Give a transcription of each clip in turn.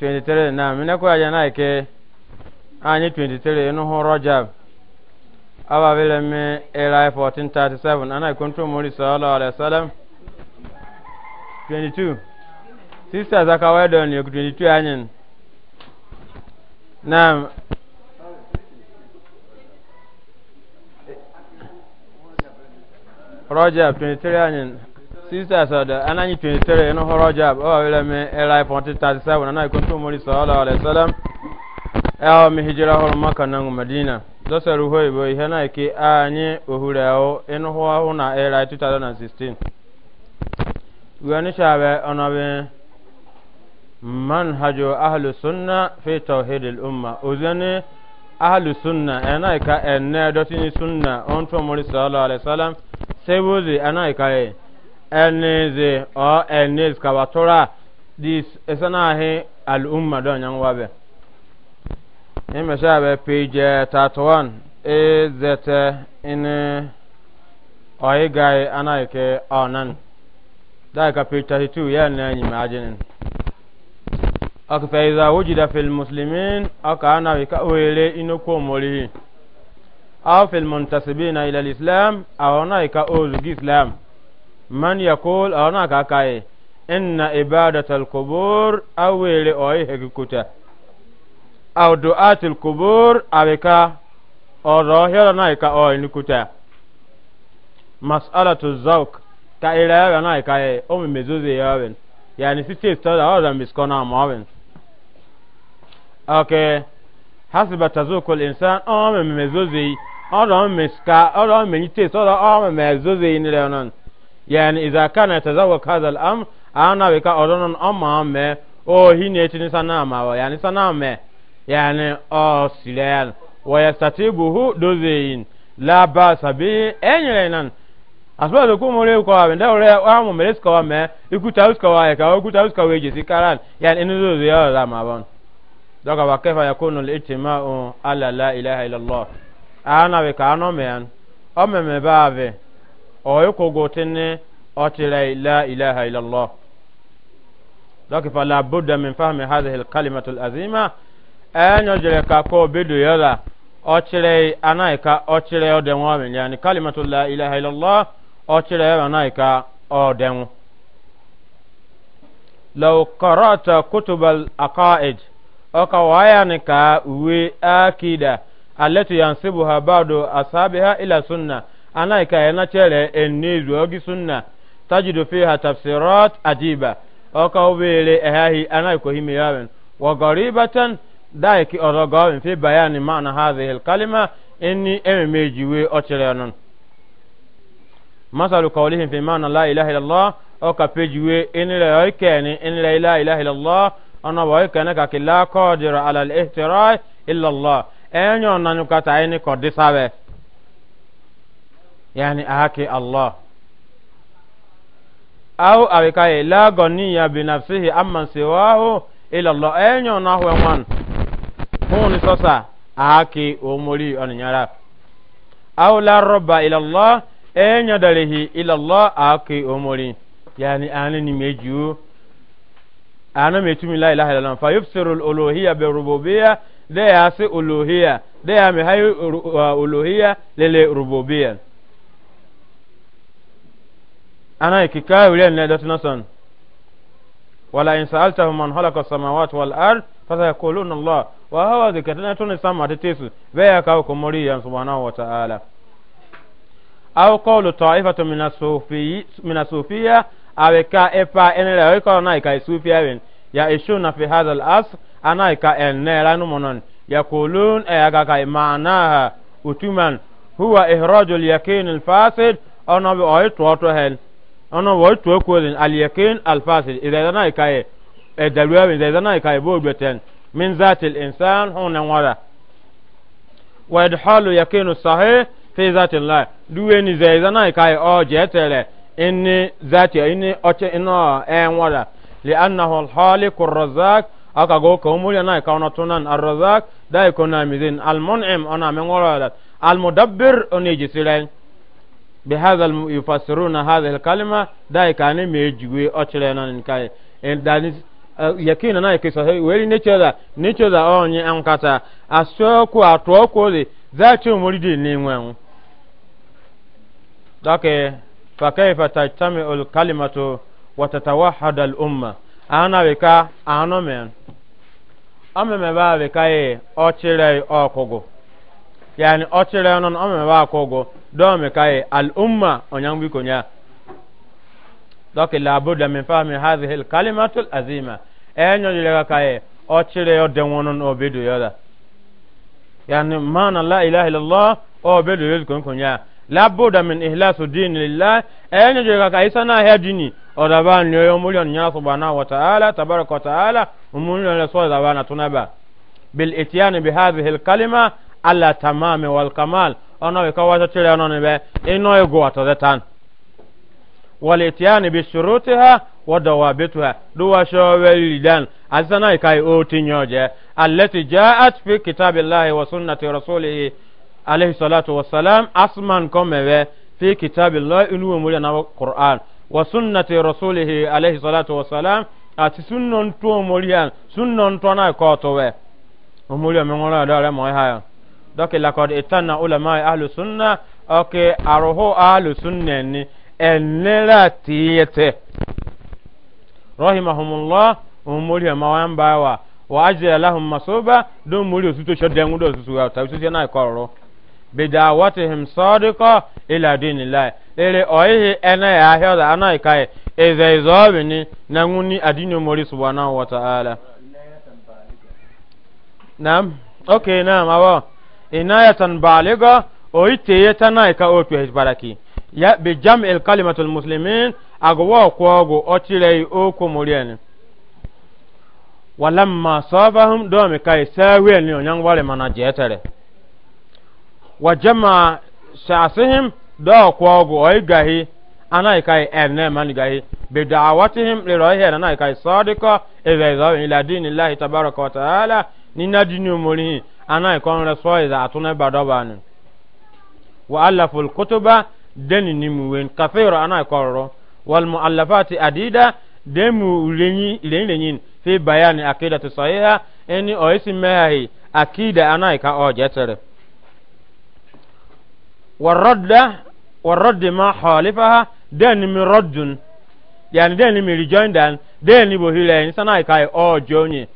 23 na mina ko aja na ke anyi 23 inu ho rajab aba bele me era 1437 ana ikonto mori sallallahu alaihi wasallam 22 sister zakawa don yo 22 anyin na rajab 23 anyin sisters ọdọ ananyi twenty three ẹnu họrọ jab ọ oh, wẹlẹ mi ẹlai pọnti thirty seven na kò tó mọri sọ ọla ọlẹ sẹlẹm hijira maka na ngọ medina dọsẹrù hó ibo ihe na kí anyị ohuru ọ ịnụ na ẹlai 2016 thousand and sixteen wíwá ní hajo ọ̀nà sunna fi tawhidil umma ozani sunna enizi o eniz kawatura dis esana ahi al'umma don yan wabe in me sha be page 31 e zete in oyi gai ana ike onan da ka tatu two ya na yi majinin aka fa iza wujida fil muslimin aka ana wika wele inoko morihi aw fil muntasibina ila al islam aw na ika ozugi islam man yakul ana wana ka kai inna ibadatal kubur awere oyi hekukuta aw du'atil kubur aweka oro hero na ka oyi nikuta mas'alatu zawq ka ila ya na ka e o mezuze yawen yani sisi stada o da miskona mawen okay hasiba tazukul insan o mezuze o da miska o da menite so da mezuze ni leonan yani idha kana yatazawwaq hadha al-amr ana wika odonon amma me o hine tini sana ma wa yani sana me yani o silen wa yastatibuhu dozein la basa bi enyelenan asba do kumore ko abe da ore wa mu meres ko me ikuta uska wa ka ikuta uska we je sikaran yani inu zo ya la ma bon doka wa kaifa yakunu al-ittima'u ala la ilaha illa allah ana wika ano me an o me me baabe oyo kogotin otire la ilaha illallah donc fala budda min fahmi hadhihi alkalimatu alazima enyo jere ka ko bedo yola otire anaika otire odenwa min yani kalimatu la ilaha illallah otire anaika odenwa law qara'ta kutub alaqaid oka wayanika uwe akida allati yansibuha ba'du ashabiha ila sunnah anaika yana chere enizu ogi sunna tajidu fiha tafsirat ajiba oka ubele ehahi anaiko himi yawen wa garibatan daiki odogawin fi bayani ma'na hadhihi alkalima inni ememejiwe ochere non masalu qawlihim fi ma'na la ilaha illallah oka pejiwe inile oikeni inile la ilaha illallah ana wa oikeni ka kila qadira ala al-ihtirai illallah enyo nanyukata ini kodisabe yani ahaki Allah au awikaye la goniya binafsihi amman siwahu ila Allah enyo na hwe wan hun sosa ahaki omori onyara au la robba ila Allah enyo dalihi ila Allah ahaki omori yani ani ni meju ana metumi la ilaha illa Allah fa yubsiru al-uluhiyya bi rububiyyah da ya si uluhiyya da ya أنا كيكا ولين لدت نصن ولا إن سألتهم من خلق السماوات والأرض فسيقولون الله وهو ذكرنا تون السماء تتيسو بيا كوكم مريم سبحانه وتعالى أو قول طائفة من الصوفي من الصوفية أو كا إفا إن لا يقول نايكا الصوفية وين يعيشون في هذا الأصل أنا كا إن لا نمنون يقولون أيا كا معناها أتمن هو إخراج اليقين الفاسد أو نبي أي توتو هن ọnụ wọ otu okwolin aliyakin alfasil izaizana ikaye edaruwa izaizana ikaye bo gbeten min zatil insan hun na nwara wa idhalu yakinu sahih fi zatil la duwe ni zaizana ikaye o jetere inni zati inni oche ino e nwara li annahu alhaliku arrazaq aka go ka umuri na ka ona tunan arrazaq dai kona mizin almun'im ona mengora almudabbir oni jisirai بهذا يفسرون هذه الكلمة داي كان ميجوي أشلنا نكاي and that is yakin na yake sahi weli nature da nature da onye ankata asoku atoku le zati umuridi ni nwen dake fa kayfa tajtami al kalimatu wa tatawahhad al umma ana weka anomen ameme ba weka e ochire okugo yani ochire non ameme ba okugo dɔɔme ka ye al'umma o ñaŋ bi ko ña donc labuda min fahmi hadhihi alkalimatu alazima e ñoƴolega ka ye o cireyo denwonon o bedoyoda yani mana la ilaha illallah o bedoyol kon ko ña labuda min ihlasu dini lillah e ñoƴolega ka isana he dini o daban yoyo mulyon ña subhanahu wa ta'ala tabaraka wa ta'ala umulyon le so dabana tunaba bil ityani bi hadhihi alkalima ala tamami wal kamal ono be kawato tire ono ne be ino ego ato zetan walitiyani bi shurutiha wa dawabituha duwa showe lidan azana kai oti nyoje allati jaat fi kitabillahi wa sunnati rasulihi alayhi salatu wassalam asman komewe fi kitabillahi inu mulya na qur'an wa sunnati rasulihi alayhi salatu wassalam ati sunnon to mulya sunnon to na ko to we mulya me ngora dare mo hayo dɔke lakɔd itana ulama ahlu sunna ɔke aroho ahlu sunna ni ɛnira tiyete rahimahumullah umuri ma wan bawa wa ajra lahum masuba dum muri osuto shodengu do susu ta susu na ikoro bidawatihim sadiqa ila dinillah ele oyihi ene ya ahio da anai kai eze izobi ni na nguni adinu muri subhanahu wa ta'ala nam okay nam awo inayatan baliga o iteye tana ka otu hizbaraki ya bi jam'il kalimatul muslimin agwa kwogo otire oku muriani walamma sabahum do mi kai sawe ni onyan wale mana jetere wa jama shasihim do kwogo oigahi ana kai enne man gahi bi da'awatihim li rahi ana kai sadiqa ila ila dinillahi tabaraka wa taala ni nadinu murihi ana ikon resoy da atuna badoba ni wa allaful kutuba deni nimu wen kafiro ana ikorro wal muallafati adida demu lenyi lenyin fi bayani akida aqidatu sahiha eni oisi mehahi akida ana ika ojetere warradda warraddi ma khalifaha deni mi raddun yani deni mi rejoin dan deni bohile insana ika ojonye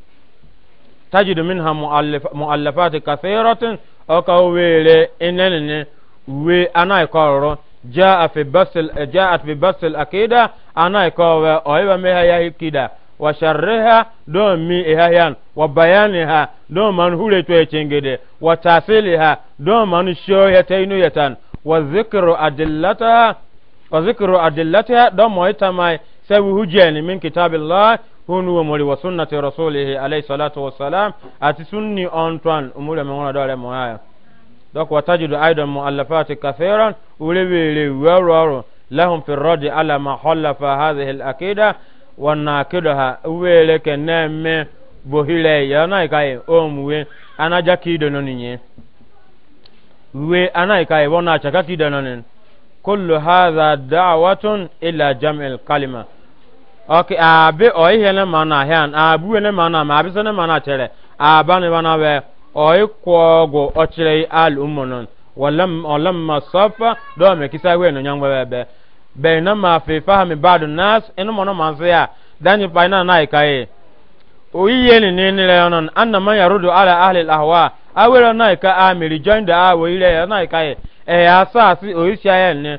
تجد منها مؤلف مؤلفات كثيرة أو كويل إنني وي أنا يقرر جاء في بس جاءت في بس الأكيدة أنا يقرر أو مها يا كده وشرها دون مي إهيان وبيانها دون من هو لتويتشنجد وتأصيلها دون من شو يتينو يتان وذكر أدلتها وذكر أدلتها دون مهتمي سوي هجاني من كتاب الله kunu wa mori wa sunnati rasulihi alayhi salatu wa salam ati sunni on twan umuri me ngona dole mo aya dok wa tajidu aidan muallafati kathiran ulewele waroro lahum fi radi ala ma khalafa hadhihi al wa naqidaha uwele keneme bohile yana kai omwe anaja kido noninye we anayi kai wona chakaki dononin kullu hadha da'watun ila jam'il kalima ok abe uh, oyi hene mana hen abu uh, ne ma abi sene mana chere aba uh, ne bana we kwogo ochire al umunon walam walam masafa do me kisa we no ma fe fahami badu nas eno mono manse ya dani na ikaye oyi ye ni ne ne leonon anna yarudu ala ahli al ahwa awero na ika amiri join the awo ile na ikaye e asasi oyi sha ye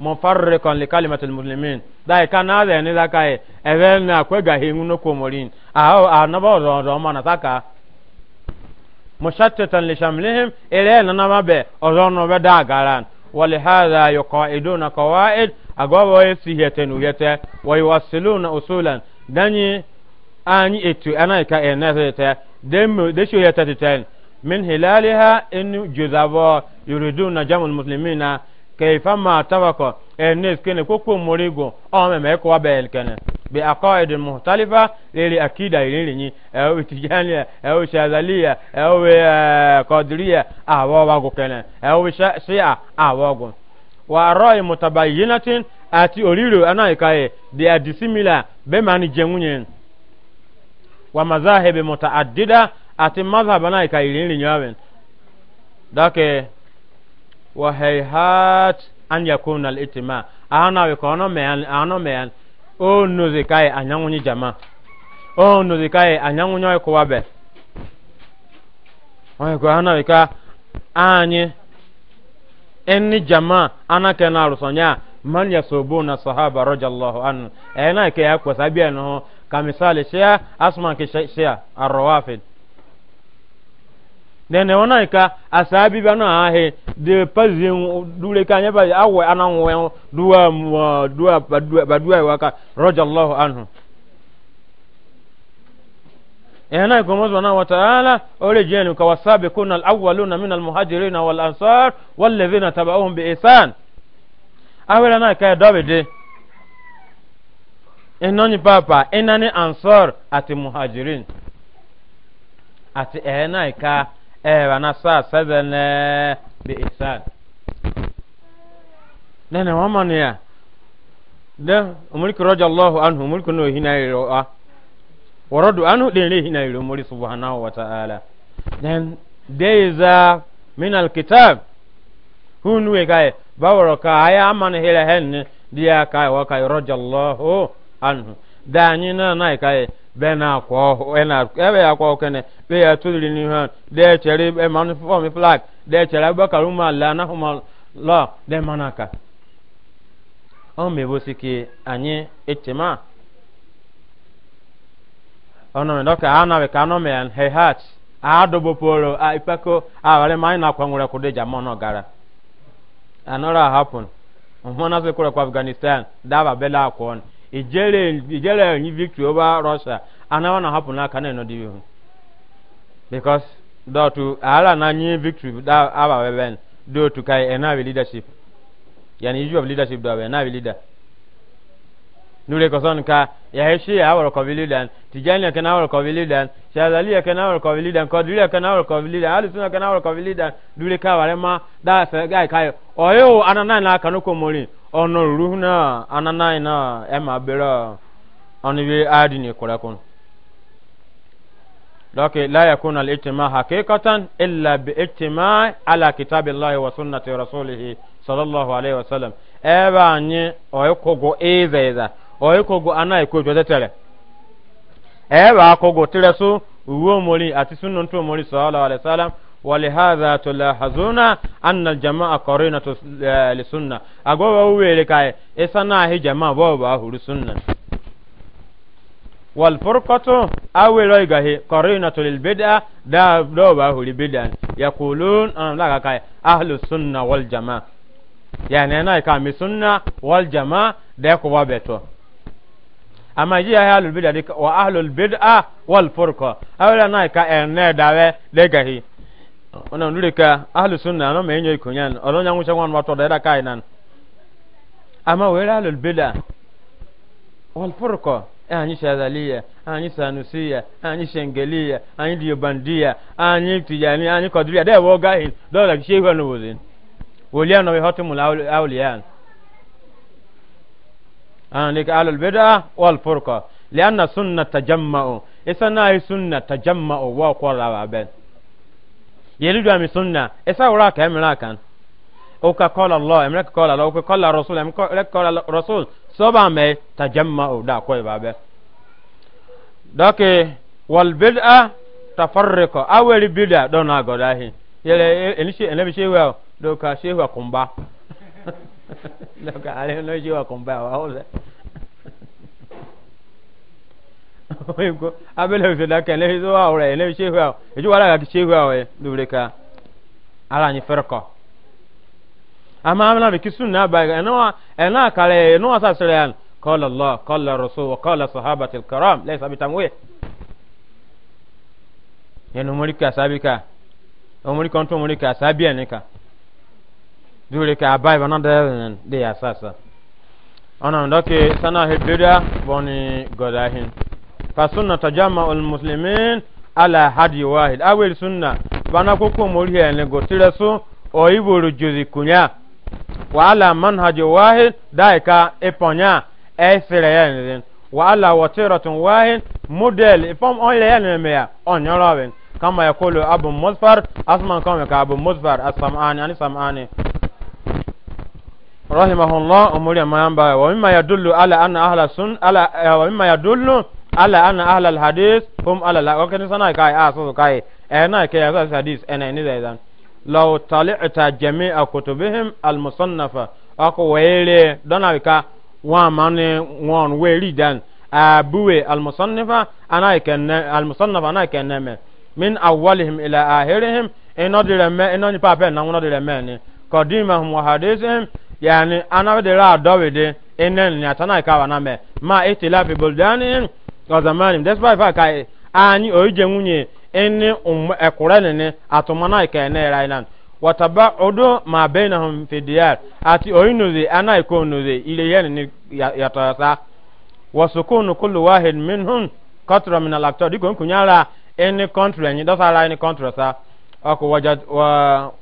mufarriqan li kalimatil muslimin dai kana da ne e, da kai even na kwe ga hingu no komorin a a na ba ro ro ma na taka mushattatan li shamlihim ila e na na mabe oro no be da garan wali hadha yuqaiduna qawaid agwa yasihatan uyata wa yuwassiluna usulan dani, ani etu anaika e enete dem de shoyata teten min hilaliha in juzaba yuriduna jamul muslimina keifa ma tabako enes kene koko morigo ome me ko abel kene bi aqaid muhtalifa lili akida lili ni au tijani au shazalia au qadriya awo wago kene au shia awogo wa roi mutabayyinatin ati oriro anaikaye they are dissimilar be mani jengunyen wa mazahibi mutaaddida ati madhhab anaikaye lili nyawen dake wa hayhat an yakuna al itima ana we kono mean ano mean o nuzi kai anyangunyi jama o nuzi kai anyangunyi ko wabe o ko ana we ka anyi enni jama ana kana rusonya man yasubuna sahaba radiyallahu anhu ena ke ya kwa sabia no kamisali shia asman ke shia arwafid nene wana ka asabi bana ahe de pazin dule ka nyaba awe anan wo duwa mu duwa baduwa waka radiyallahu anhu yana eh, ko mo subhanahu wa ta'ala ole jenu ka wasabi kuna alawwaluna min almuhajirin wal ansar wal ladhina tabauhum bi ihsan awela na ka dobede enoni eh, papa enani ansar ati muhajirin ati enai eh, ka ɛɛba na saa sɛbɛn nɛɛ bi isan nɛnɛ wɔn ma nea dɛ omuriki rɔja allahu anhu omuriki na ohina yiri wa ah. wɔrɔdu anhu de ne hina yiri omuri subhanahu wa ta'ala then there is a min alkitab hu nu e kai baworo ka aya amani hele hen dia kai wa kai rɔja allahu anhu da anyi na na kai bena akwa ena ebe ya kwa okene be ya tulili ni ha de chere e manu form flag de chere abakar umma la na huma la de manaka o me bosiki anye echema ono ndo ka ana be ka me an he hat a dobo polo a ipako a ghara ma anyị na kwa dị kudeja mono gara anora happen umona se kura kwa afghanistan daba bela akon ijele ijele ni victory over russia anawa na happen na kana no dibi because that to ala na ni victory da aba weben do to kai ena leadership. leadership yani issue of leadership da we na leader nure ko son ka ya heshi ya awar ko leader tijani ka na awar ko leader shazali ka na awar ko leader ko dure ka na awar ko leader ali suna ka na awar ko leader dure ka ware ma da sa ga kai oyo anana na kanu ko morin ono ruhuna ananai na ema bera oni bi adi ne kura kun lake la yakun al ijtima haqiqatan illa bi ijtima ala kitabillahi wa sunnati rasulih sallallahu alaihi wasallam eba anyi oyokogo ezeza oyokogo anai ko jode tere eba akogo tere su uwo mori ati sunnon to mori sallallahu alaihi wasallam ولهذا تلاحظون أن الجماعة قرينة للسنة أقول أولي كاي إسانا هي جماعة بابا هو السنة والفرقة أو ريغه قرينة للبدعة دا بابا هو البدعة يقولون أنا لا كاي أهل السنة والجماعة يعني أنا كامي سنة والجماعة دا كوابتو amma ji ya ahlul bid'a wa ahlul bid'a wal furqa awla na ka ona ndure ka ahlu sunna no me nyoy kunyan ono nyangu cha wan wato da kai nan ama wera ahlul bid'a wal furqa anyi shadaliya anyi sanusiya anyi shengeliya anyi diobandiya anyi tijani anyi kadriya da wo gahin do la shehu no wozin woliya no be hotumul awliyan an lika ahlul bid'a wal furqa lianna sunna tajamma'u isana sunna tajamma'u wa qawla ben yelidu ami sunna esa wura ka emira kan o ka kola allah emira ka kola allah o ka kola rasul emira ka kola rasul soba me tajamma o da ko e babe dake wal bid'a tafarriqa awali bid'a dona godahi yele enishi enabi shewa do ka shewa kumba do ka ale no shewa kumba wa hoze abele useda kele hizo wa ore ele shehu wa ejo wala ga shehu wa we dubreka ala ni ferko ama amna bi kisunna ba eno ena kale eno asa seleyan qala allah qala rasul wa qala sahabati alkiram laysa bitamwe yenu mulika sabika o mulika onto mulika sabia nika dubreka abai banada de asasa ona ndoke sana hebeda boni godahin fasunna tajama olmuslimin ala hadi wahid awel sunna bana koko mori ene gotire so o iboro jozi kunya wa ala manhaj wahid daika eponya esere yen wa ala watiratun wahid model ifom ya onyoroben kama yakulu abu musfar asman ka abu musfar as-sam'ani ani sam'ani ala ana ahlal hadis hum ala la okay sana kai a ah, so kai e na ke eh, ya sa hadis ene eh, ni da dan law tali'ta jami'a kutubihim al musannafa ako wele dona ka wa mane won we ri dan abuwe al musannafa ana ke al musannafa ana ke ne me min awwalihim ila ahirihim ino dire me ino ni pa pe na wono dire me ni qadimahum wa hadisihim yani ana de ra dawide enen ni atana ka wa na me ma itilafi buldanihim gọzamanim despite fact ka anyị oije nwunye ịnị ekwure nene atụmana ike na wataba odo ma be na ati fidiyar ati oyinuze anaiko nuze ile yen yatoyasa wasukunu kullu wahid minhum qatra min al-aqtar dikon kunyara any country any dosara any country sa ako wajad wa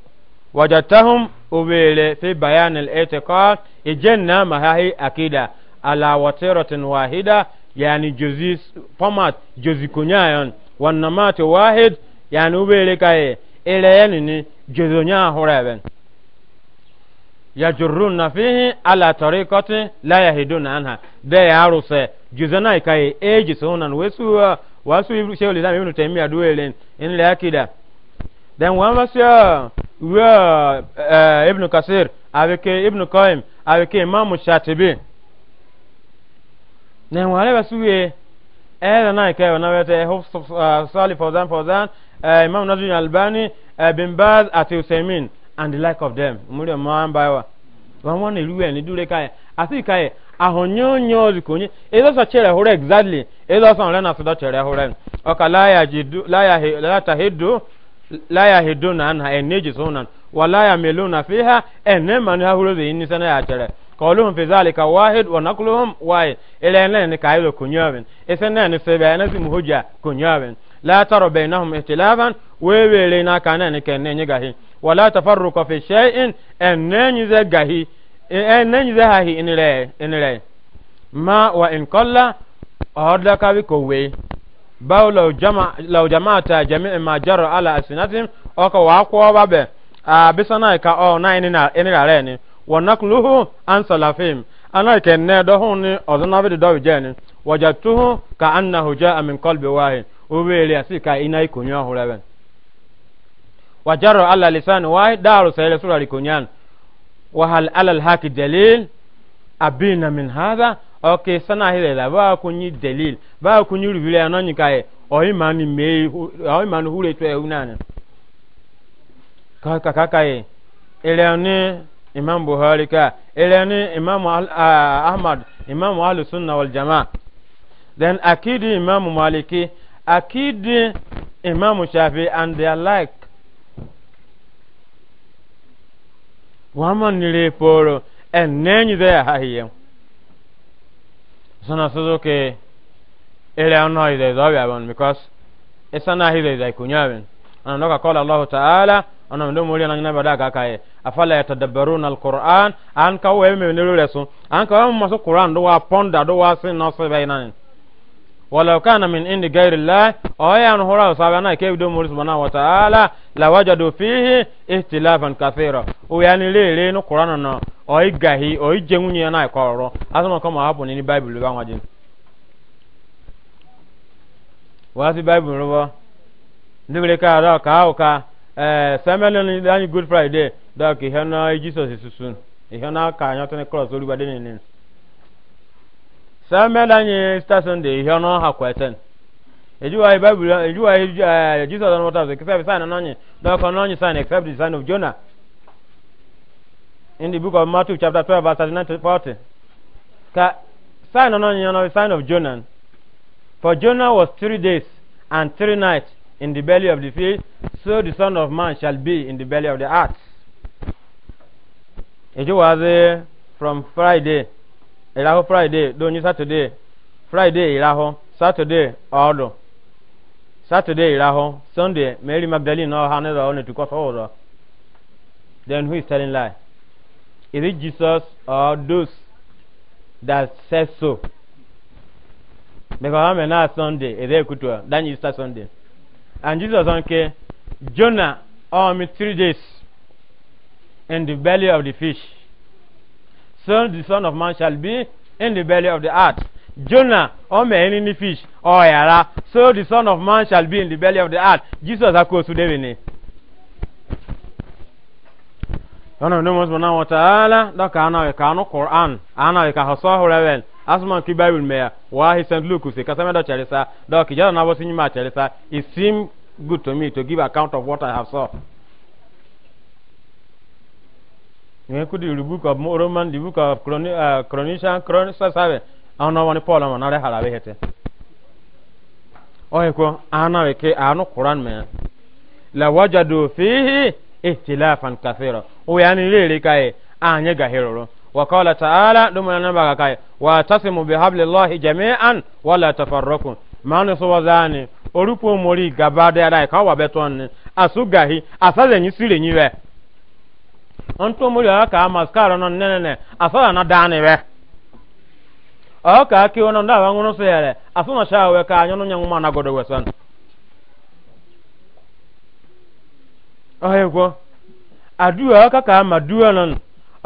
wajadtahum ubele fi bayan eh, eh, eh, al-i'tiqad ijanna mahahi akida ala watiratin wahida yani jozi format jozi kunyayon wannamati wahid yani ubele kaye ileyeni ni jozonya hureben yajurruna fihi ala tariqati la yahiduna anha de yaruse jozona kaye eji sunan wesu wasu ibnu shaykhul islam ibnu taymiya duwelen in la akida then wa masya wa ibnu kasir abeke ibnu qayyim abeke imam shatibi E na nwale ba suwe ɛɛda na ikaɛ wɔ na wɛtɛ ɛhɔ sali fɔzan fɔzan ɛɛ e, imam nasiru albani ɛɛ e, bin baz ati usaimin and the like of them muri ɔmo an ba wa wɔn wɔn na eluwe ni dure kaɛ ati kaɛ ahonyonyo zikonye ɛdɔ sɔ kyerɛ hore exactly ɛdɔ sɔ ɔlɛ na sɔ dɔ kyerɛ hore ɔka laya jidu laya he lata hedo laya hedo na na ɛnɛ gye so na wa laya melo na fi ha ɛnɛ ma ni ha horo de yi ni sɛ na yɛ kọlum fi zalika wahid wa naqluhum wahid ila nan ni kayilo kunyawin isan nan ni sebe nan si muhujja kunyawin la taro bainahum ihtilafan wewele na kana ni ken ne gahi wala tafarruqa fi shay'in an nan ze gahi an nan ze hahi inire inire ma wa in qalla ahadla ka bi kowe baw law jama law jama'ata ma jara ala asinatim o ka wa ko ba be a bisana ka o na ni na ni ونقله عن سلفهم أنا كنا دهون أظن في دو جاني وجدته كأنه جاء من قلب واحد وبيلي أسيكا إنا يكون يوم وجر على لسان واحد دار سيلة سورة لكونيان وهل على الحق دليل أبينا من هذا أوكي سنة هذه لا باكوني دليل باكوني ربيلي أنا نكاي أي ماني مي أي ماني هولي توي هنان كاكا كاكاي إلى أني imam buhari ka ilani imam ahmad imam al-sunna wal jama'a then akidi imam maliki akidi imam shafi and their like waman nire poro en nenyi de hahiye sana sozo ke ele anoi de do ya bon because esana hi de kunyawin anoka kola allah ta'ala ana ndo mori nan na badaka kai afala yatadabbaruna alquran an ka we me ne lure so an ka wa maso quran do wa ponda do wa sin no se bainan walau kana min indi ghairi llah oya an hora sa na ke do mori subhanahu wa ta'ala la wajadu fihi ihtilafan kathira o ya ni le re no quran no o igahi o jenunye na ko ro aso ko ma hapo ni ni bible ba wajin wa si bible ro ba ndibere ka ka Eh, sɛmɛlɛn dani good friday dɔk ihe na jesus susu ihe na ka anyɔ tɛni cross olu bade nini sɛmɛlɛn easter sunday ihe na ha kwɛtɛn ejuwa ye bible ejuwa ye eh, jesus ɔn wɔtɔ kisɛ bi sign ɔnɔnyi dɔk ɔnɔnyi sign except the sign of jonah in the book of matthew chapter twelve verse thirty-nine to forty ka sign ɔnɔnyi ɔnɔ sign of jonah for jonah was three days and three nights in the belly of the fish, so the Son of Man shall be in the belly of the earth. It was uh, from Friday, Iraho Friday, don't Saturday? Friday, Iraho, Saturday, Ordo. Saturday, Iraho, Sunday, Mary Magdalene, or Hannah, only to cause order. Then who is telling lie? Is it Jesus or those that says so? Because I'm not Sunday, is it Easter Sunday? And Jesus said, "Okay, Jonah on um, three days in the belly of the fish. So the Son of Man shall be in the belly of the earth. Jonah on um, any fish oh yara. So the Son of Man shall be in the belly of the earth. Jesus akosu devini. Ọ̀nà ìdúnmọ̀sí náà wọ̀ta ààlà dọ́kà ànáwìkà ànú Kùrán ànáwìkà ọ̀sọ́ ọ̀húrẹ́wẹ̀n asman ki bible me wa he st luke se kasame do chelisa do ki jana na wosi nyima chelisa it seem good to me to give account of what i have saw nwe ku the book of roman the book of chronicle uh, chronicle sabe ana wani paul ma na re hala be hete o he ko ana we ke anu quran me la wajadu fihi ihtilafan kathira o yani rere kai anye gahiroro وقال تعالى لما نبغى كاي واتسموا بحبل الله جميعا ولا تفرقوا ما نسوا ذاني orupo mori gaba da yara ka wa asugahi ni sire ni we mori aka maskara non ne ne asala na dani we o ka ki ka anyonu nyanwu ma na godo wesan ayo go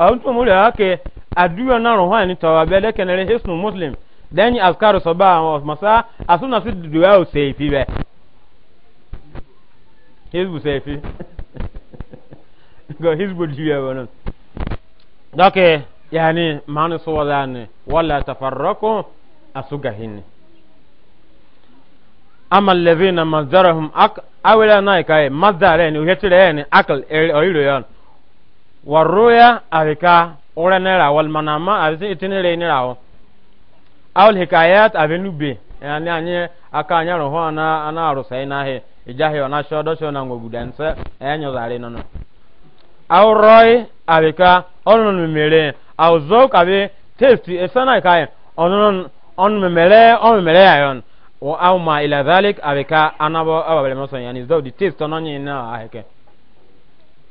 awon to muri ake aduwa na ron hani to wa bele kenere hisnu muslim den askaru soba of masa asuna si duwa o seifi be hizbu seifi go hizbu duwa wonon dake yani manu so wala ne wala tafarraku asugahin amma allazina mazdarahum ak awila naika mazdarani uhetire ni akal er, oyiro yon warruya abika ore nera wal manama abisi itinire nira o awul hikayat abenube yani anye aka anya roho na ana arusa ina he ijahi ona shodo shona ngogudanse enyo zare nono aw roy abika onon mere aw zok abi testi esana kai onon on mere on mere ayon wa aw ma ila zalik abika anabo abale moson yani zodi test onon ina aheke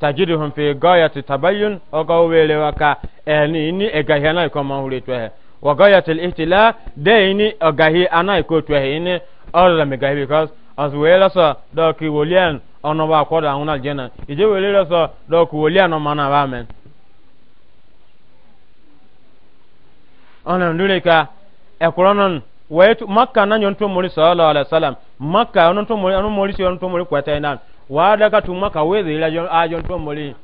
tajiduhum fi gayati tabayyun ogo wele waka eni ni egahi anai ko mahuri twehe wa gayati ihtila de ni ogahi anai ko twehe ni orla me gahi because as wele so do ki wolian ono ba ko da unal jena ije wele so do ku wolian ma na ba men ona ndule ka ekronon wetu makka na nyonto muri sallallahu alaihi wasallam makka onon to muri onon muri si onon to muri kwata inan waadaka tuma ka wezeyila ajon tomoli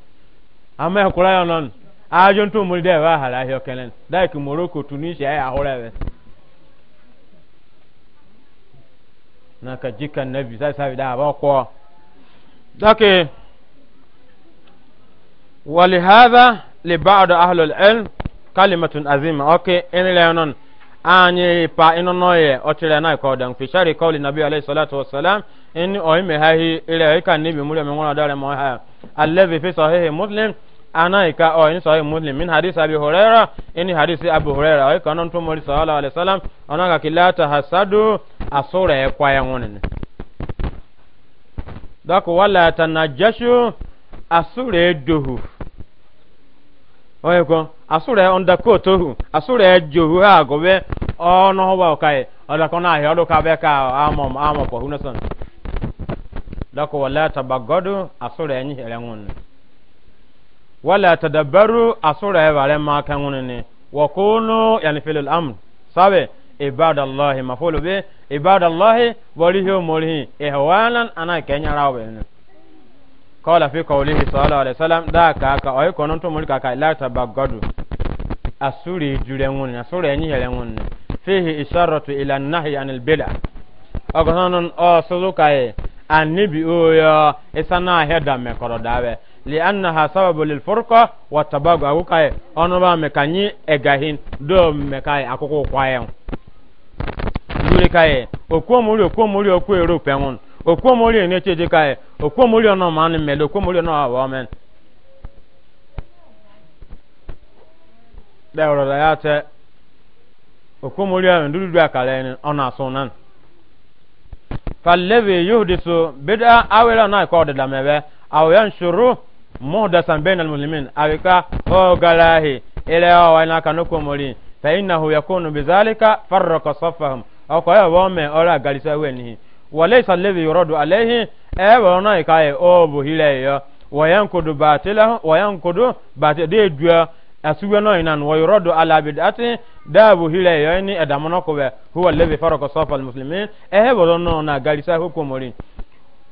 ama ekulayo non ajon tomoli de bahala ahyo kenen daik morocco tunisia ya horebe naka jika nabi sa sabi da ba ko dake ولهذا لبعض أهل العلم كلمة عظيمة أوكي إن ليونون أني با إنو نوي أتلنا يكودن في شاري قول Nabi عليه الصلاة والسلام in oyi me hahi ire ka ne bi mure me ngona dare mo ha allazi fi sahih muslim ana ka o in sahih muslim min hadith abi hurairah in hadith abu hurairah oyi kanon to mori sallallahu alaihi wasallam ona ka kilata hasadu asura e kwa ya ngonen dako wala tanajashu asure dohu oyi ko ya e onda ko tohu asure johu ha gobe ono hoba kai ola kona ahiodo ka be ka amom amom po hunason dako wala tabagadu asura yanyi hele ngun wala tadabbaru asura ya bare ma kan ngun ne wa kunu yani fil al sabe ibadallahi mafulu bi ibadallahi walihi mulhi ihwanan ana kenya rawe ne qala fi qawlihi sallallahu alaihi wasallam da ka ka oy konon to mulka ka la tabagadu asuri jure ngun asura yanyi hele ngun fihi isharatu ila an-nahy anil annabi oyo oh, isana heda me dawe li annaha sababu lil furqa wa tabagu agukai ono ba me kanyi egahin do me kai akoko kwayen dure kai okwomori okwomori okwe europe ngun okwomori ne eru kai okwomori ono ma ono dawro da yate akale فالذي يحدث بدعة أو لا نقود دمه أو ينشر محدثا بين المسلمين أو كا هو غلاه إلى وين كانكم مولين فإنه يكون بذلك فرق صفهم أو كا وما أولا غالسا وينه وليس الذي يرد عليه أو نايكاي أو بهيلايا وينقد باطله وينقد باطل دي asuwe no inan wa yuradu ala bid'ati dabu hile yani adamono ko be huwa alladhi faraka safa almuslimin eh bo no na garisa ko komori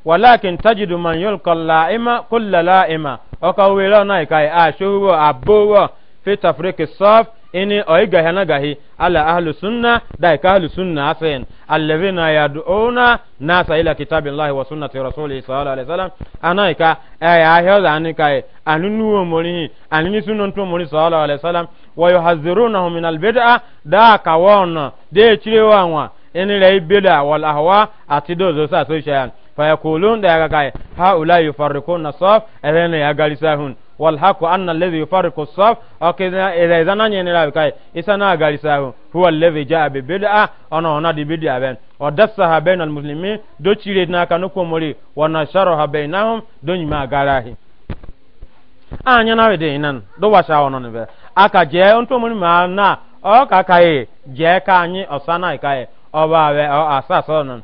walakin tajidu man yulqa la'ima kullu la'ima o ka welo na kai a shuwa abowo fi tafriqi saf ini oyi gahi na gahi ala ahlu sunna da ka ahlu sunna afen allazina yad'una nasa ila kitabillahi wa sunnati rasulihi sallallahu alaihi wasallam anaika aya e, ahyo zani kai anunu omori anini sunnon to omori sallallahu alaihi wasallam wa yuhazzirunahu min albid'a da ka wona de chirewa nwa ini rai bid'a wal ahwa atidozo sa so shayan fayakulun da ya kai haula yufarriquna saf elena ya galisahun والحق أن الذي يفرق الصف أو كذا إذا إذا نجني لا بكاي إسنا قال هو الذي جاء ببدعة أنا أنا دي بدعة بين ودسها بين المسلمين دو تشيرنا كانوا مولي ونشرها بينهم دون ما قاله anya na wede inan do washa wono ne be aka je onto mo ma na o ka kai je ka anyi osana kai oba we o asa so non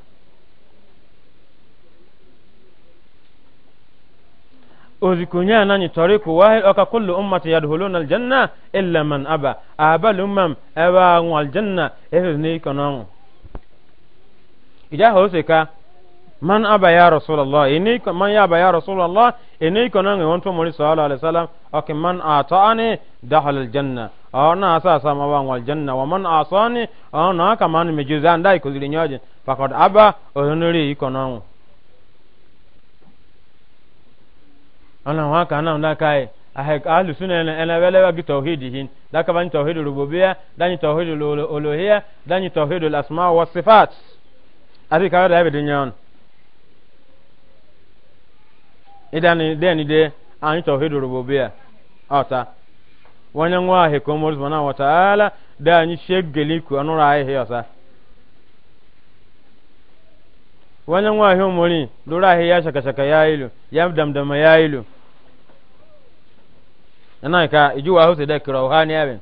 ozikunya nani tariku wahid oka kullu ummati yadkhuluna aljanna illa man aba abal ummam aba ngwal janna ezni kanon ija hoseka man aba ya rasulullah ini man ya aba ya rasulullah ini kanon wonto muri sallallahu alaihi wasallam oka man ata'ani dakhal aljanna ona asa sama wa ngwal janna wa man asani ona kama ni mejuzan dai kuzili nyoje fakad aba onuri ikonon ana waka na nda kai e. ahek ahlu sunna ene ene wele wa gi tauhidi hin da ka ban tauhidul rububiyya dan tauhidul uluhiyya dan tauhidul asma wa sifat abi ka da bidin yon idan de ni de an tauhidul rububiyya ata wanya ngwa he ko mo subhanahu wa ta'ala da ni shegeli ku anura ai he yosa wannan wahi umuri dora he ya shaka shaka ya ilu ya damdama ya ilu ana ka iju wa hose da kirawhani abin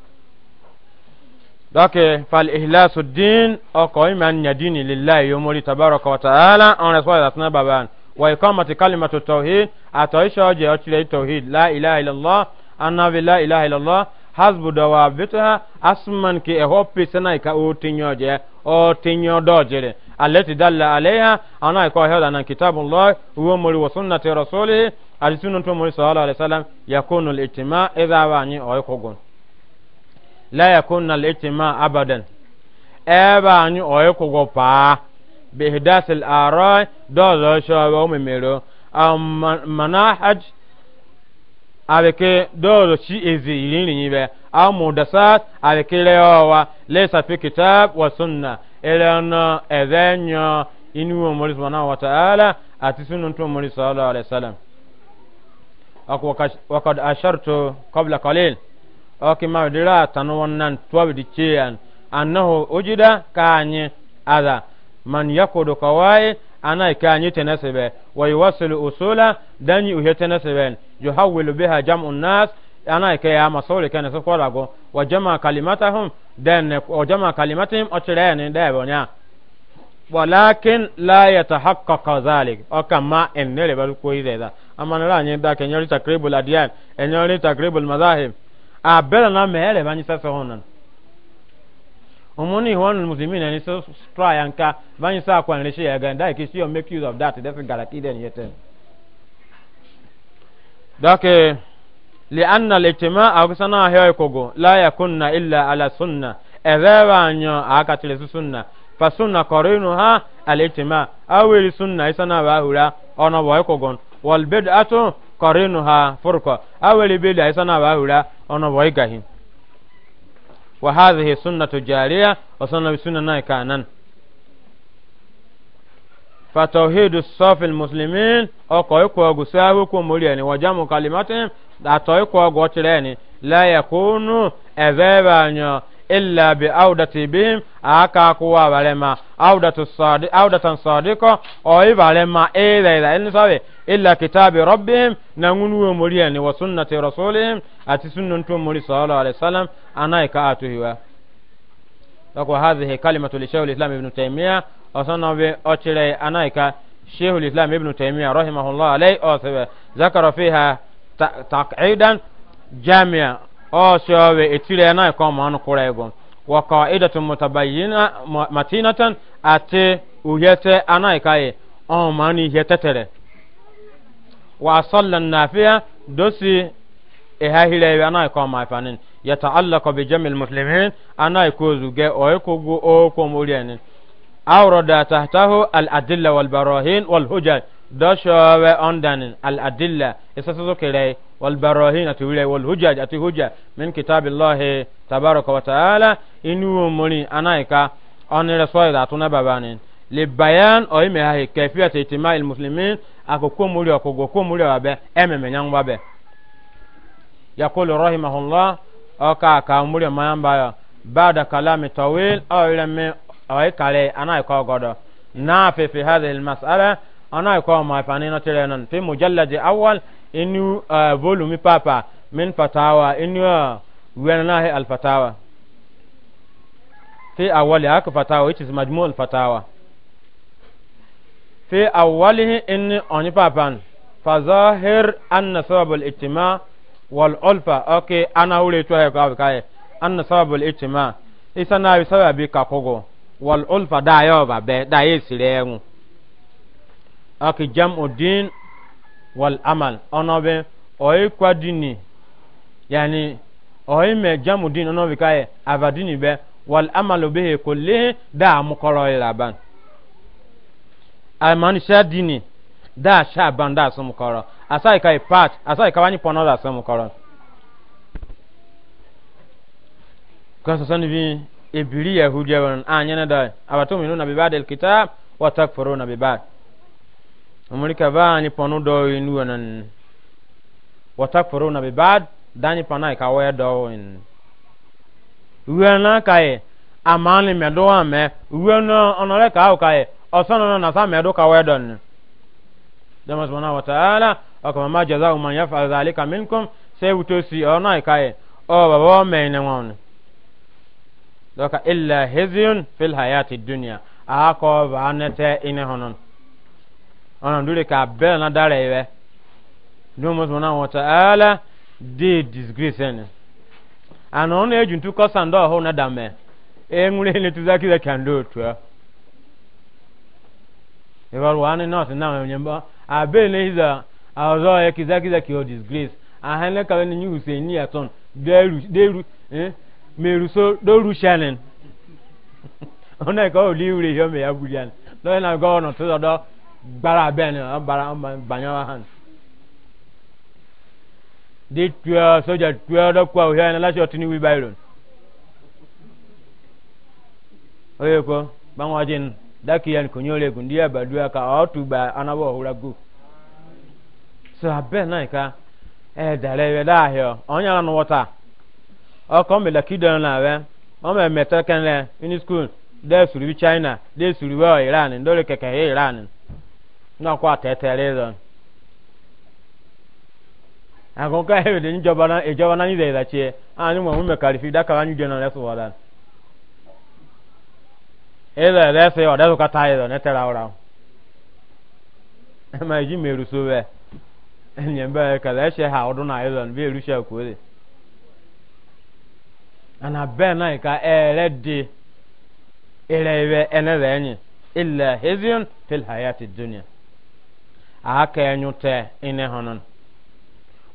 dake fal ihlasu din o ko iman yadini lillahi umuri tabaraka wa ta'ala on rasul asna baban wa iqamati kalimatu tauhid atoisha je o tire tauhid la ilaha illallah anna la ilaha illallah hasbu dawa bitaha asman ki eho pisana ka o tinyoje o tinyo dojere alati dalla alaiha ana ko hewda nan kitabullah huwa muri wa sunnati rasulih ali sunnatu muri sallallahu alaihi wasallam yakunu al-ijtima idha wani o kogon la yakunu al-ijtima abadan eba ani o kogo pa bihdas al-arai dozo shawa umimiro am manahaj man, abeke do si ezi yirinrinyi bɛ aw mudasat abeke lɛyɔwa lɛsa fi kitab wa sunna ɛlɛnɔ ɛzɛ nyɔ inu wo mori subhanahu wa ta'ala ati sunu to mori sallallahu alaihi wasallam ako wakad ashartu qabla qalil oki ma dira tanu wannan tuwabi di cheyan annahu ujida kanyi ada man yakudu kawai ana ka anyi tenasebe wa yuwassilu usula dan yi uhe tenaseben yuhawwilu biha jam'un nas ana ka ya masole kana so kwarago wa jama kalimatahum dan wa jama kalimatihim atrayani da bonya walakin la yatahaqqaqu zalik o kama ennere bal ko ideza amana la anyi da kenyori takribul adyan enyori takribul mazahib abela na mehere banyi sasa honan umuni wanu muslimina ni so try anka banyi sa kwa nleshi ya ganda ki she make use of that that's galaki den yeten dake li anna al-ijtima' aw sana hayo kogo la yakunna illa ala sunna ezewa anyo akatile sunna fa sunna qarinu ha al-ijtima' aw sunna isana wa hura ona wa kogon wal bid'atu qarinu ha furqa aw bid'a isana wa hura ona wa gahin wa hadhihi sunnatu jariya wa sunna sunna nay kanan fa Fata safi almuslimin o ko ko go sawu ko mori ni wa jamu kalimatin da to ko go tireni la yakunu ezeba nyo illa bi audati bihim aka kuwa balema audatu sadi audatan sadiko o ibalema ila ila en sabe illa kitabi rabbihim na ngunu muriya ni wa sunnati rasulihim ati sunnun tu muri sallallahu alaihi wasallam anaika atuhiwa kwa hadhihi kalimatu li shaykh al-islam ibn taymiyyah asana bi ochire anaika شيخ الإسلام ابن تيمية رحمه الله عليه أوثبه ذكر فيها تقعيدا جامعا أشوى إتيلي أنا يكون مانو كوريبون وقاعدة متبينة متينة أتي ويتي أنا يكاي أو ماني يتتري وأصلا نافية دوسي إهاهيلي أنا يكون مايفانين يتعلق بجمع المسلمين أنا يكوزو جي أو يكوزو أو كوموليانين أورد تحته الأدلة والبراهين والهجج dɔsɔɔbɛ ɔndani al-adilla isasoso kere walbarohin ati wile walhujaj ati huja min kitabi lɔhi tabaraka wa ta'ala inuwo muni anaika ɔnire sɔyi da tuna babani le bayan ɔyi mɛ hahi kɛfiya ti itima il muslimin akoko muri ɔkogo ko muri ɔbɛ ɛmɛ mɛ nyangba bɛ yakulu rahimahullah ɔka ka muri mayamba yɔ baada kalami tawil ɔyire mi ɔyi kare ɔgɔdɔ naafi fi hadhihi masala ana ko ma fani no tele non fi mujallad awwal inu uh, volume papa min fatawa inu uh, wena al fatawa fi awwali ak fatawa which is majmu' al fatawa fi awwalihi in oni papan fazahir anna sabab al ijtima wal ulfa okay ana wule to he ka ka anna sabab al ijtima isa na bi sababi ka kogo wal ulfa da yo ba be da yesire enwu aki jam din wal amal ono be oyi kwadini yani oyi me jam din ono be kaye avadini be wal amal bihi kole da mukoro ilaban alman sha dini da sha ban da su mukoro asai kai pat asai kawani pono da su mukoro kansa sani bi ibiri yahudiya wannan anyana ah, da abatuminu na bibadil kitab wa takfuruna bibadil umurika baani pɔnu dɔɔ yi nuwa nan wata kporo na bi baad daani pɔna yi ka wɔya dɔɔ in wiyana ka yi a maani mɛ wa mɛ wiyana ɔnɔrɛ ka aw ka yi ɔsɔn na nasa mɛ ka wɔya dɔɔ ni dama subana wa taala ɔkama ma jaza umar ya fa zaali ka min kom sai wuto si ɔna yi ka yi ɔ baba mɛ ne ŋɔn ni dɔka illa heziyun fil hayati dunya a kɔ baa ne tɛ ine hɔnɔn ana dole ka bel na dare iwe no mo na wata ala de disgrace ene ana ona ejuntu kosa ndo ho na dame e nwure ne tuza kiza kan do to e war wani not na onye mba abe ne iza azo e kiza kiza ki o disgrace ahane ka ni nyuse ni aton deru deru eh meru so do ru shanen ona ka o liure yo me ya bulian lo na go no to do gbara abịa na bara eh, eh, banyawa ha di tụọ soja tụọ dọkwa ohia na lashọ tini wi byron oye ko banwa jin daki yan kunyo le ndị ya badua ka otu gba anawo ọhụrụ go so abe na ka e dare we da ahio onya na wota o ko me la kidan na we o me meta kan le in school de suru china de suru wa iran ndole keke iran náà kó àtẹ̀tẹ̀rẹ̀ lọ. àkókò ẹ̀rọ ní ìjọba náà ìjọba náà nílẹ̀ ìlàtí ẹ̀ àwọn onímọ̀ ọ̀hún mẹ̀kàlì fi dákàrà ní ìjọba lẹ́sùn wọ̀dà. ilẹ̀ lẹ́sẹ̀ ọ̀dẹ́sùn kata ẹ̀rọ nẹ́tẹ̀rẹ̀ ọ̀rà. ẹ̀ máa yí mèrù so bẹ́ẹ̀ ẹ̀yìn bẹ́ẹ̀ kẹlẹ́ ẹ̀ṣẹ̀ ha ọdún náà ẹ̀rọ bí èrú ṣe kú rè. àná bẹ́ẹ̀ náà ìka ẹ̀rẹ́ di ilẹ̀ ìwẹ̀ ẹ̀nẹ́rẹ̀ ẹ̀yìn ilẹ̀ hezion fil hayati dunya. aka enyute ine honon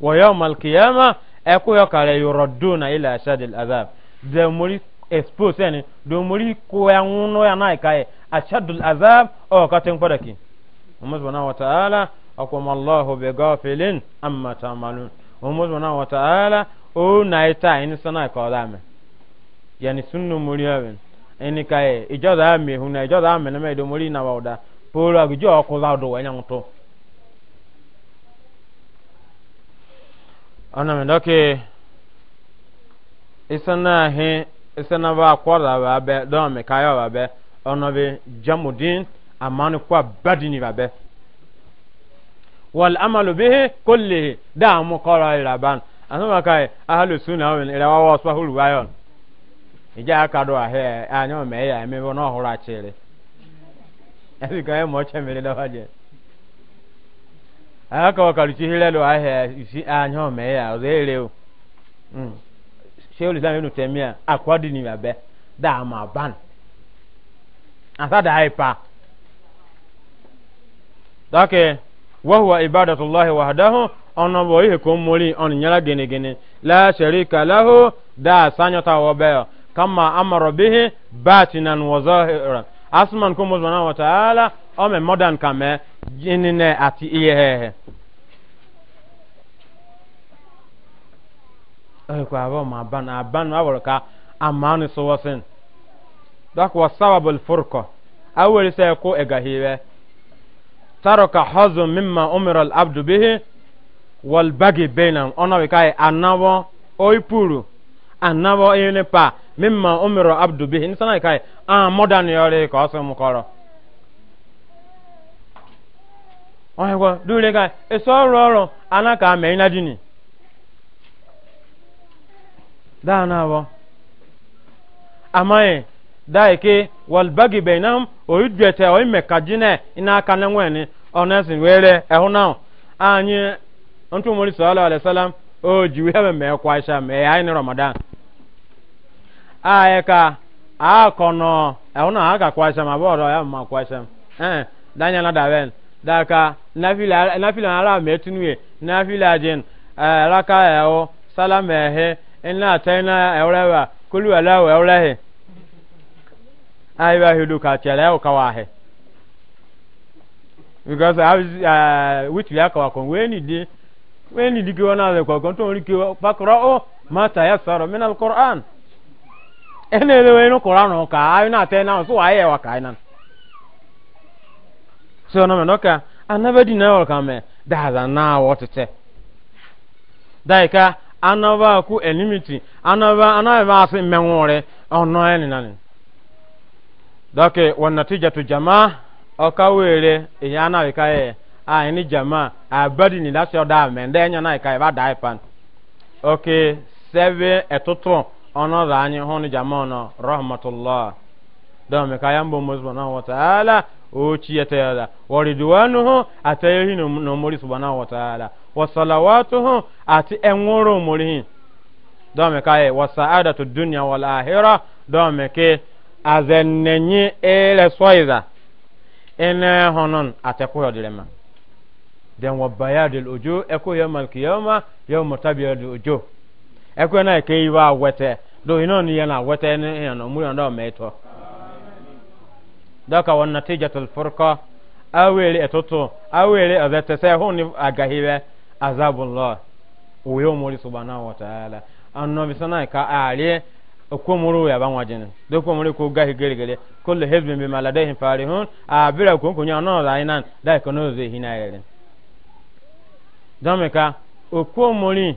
wa yawmal qiyama eku yokare yuraduna ila ashadil azab de muri expose ni de muri ko yanwuno ya nai kai ashadul azab o katen fadaki Umar subhanahu wa ta'ala akwam Allahu bi ghafilin amma ta'malun Umar subhanahu wa ta'ala o naita in sana e ko dame yani sunnu muri awen eni kai ijoda mi huna ijoda mi na me de muri na wauda polo agjo ko zawdo wanyanto ana mi dɔke isana he isana ba kɔda ba abe, dɔn mi kaya ba jamudin amani kɔ badini ba bɛ wal amalu bihi kullihi da mu kɔrɔ ira ban ana ma kai ahlu sunna wa aka do ahe anya me ya eme bo no hura chere. ebi mere aka ọkarichi hilelu ahịa isi anya mee ya ọzọ ereu shehu islam ibn akwa dị ni abe da ma ban asa da haifa dake wahuwa ibadatullahi wahdahu ọnà bọ̀ ihe kò mórí ọ̀nìyàrá gẹ́nẹ́gẹ́nẹ́ la ka lahu da sanyọta wọ bẹ́ẹ̀ kama amọ̀rọ̀ bihi batinan wa zahiran asuman ko mo subhanahu wa ta'ala o me modern kame jinine ati iye hehe ay ko abo ma ban aban awol ka amani so wasin dak wa sababul furqa awol se ko egahiwe taraka hazm mimma umira al abdu bihi wal bagi bainam ona we kai e anawo oipuru annabo ile pa mimma umiru abdu bihi ni sanai kai a modern yore ka osu mu koro ohe gwa dure kai eso oro oro anaka me ina jini da na bo amaye da ike wal bagi bainam o yudwete o imekajine ina aka na nweni onesin were ehuna anyị ntụ mori sallallahu alaihi wasallam o jiwe me kwa sha me ayi ramadan a ka akọnọ ehuna kwasem ya ma kwasem eh na daka nafila nafila ala metunwe nafila jin eh, raka ewo ina taina kulu ala ewrehe aiwa hidu ka chele o kawahe because i was uh, which we are we ni di we ni di ene ne wenu qur'an ka ayu na te na so aye wa kai nan so no me noka anaba di na ka me da za na wotete ka anaba ku enimiti anaba anaba afi menwore ono eni nan dake wan natijatu jamaa okawere iya na ka ye a ni jamaa abadi ni da so da me nda enya na ka ba dai pan okay seven etotron ono anyi hon jamono rahmatullah don me kayan bo mo subhanahu wa ta'ala o chiyete yada wa ridwanuhu atayihi no mori subhanahu wa ta'ala wa salawatuhu ati enworo morihin don me kaye wa sa'adatu dunya wal don me ke azennenyi ele soiza ene honon atekuyo dilema den wa bayadil ujo eko yawmal qiyamah yawma tabiyadil ujo eko na ke iwa wete do ina ni yana wata ni yana mu yana mai to daka wannan tijatul furqa awere etoto awere azata sai hun agahibe azabullah uyo muri subhanahu wa ta'ala annabi sana ka ari okomuru ya banwa jinin do komuru ko gahi gelegele kullu hizbin bima ladaihim farihun abira ko kunya no rainan da ko no ze hinayele domeka okomuri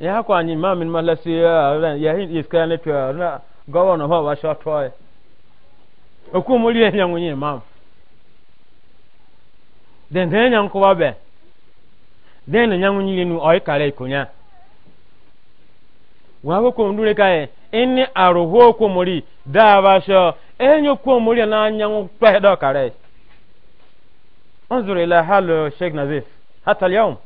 ya kwa ni ma min malasi ya ya hin iska ne na gawon ho wa toy oku enya ngunye ma den den be den ngunye nu oy kare wa ko ko ko da ba enyo ko na do kare انظر الى حال الشيخ نزيف حتى اليوم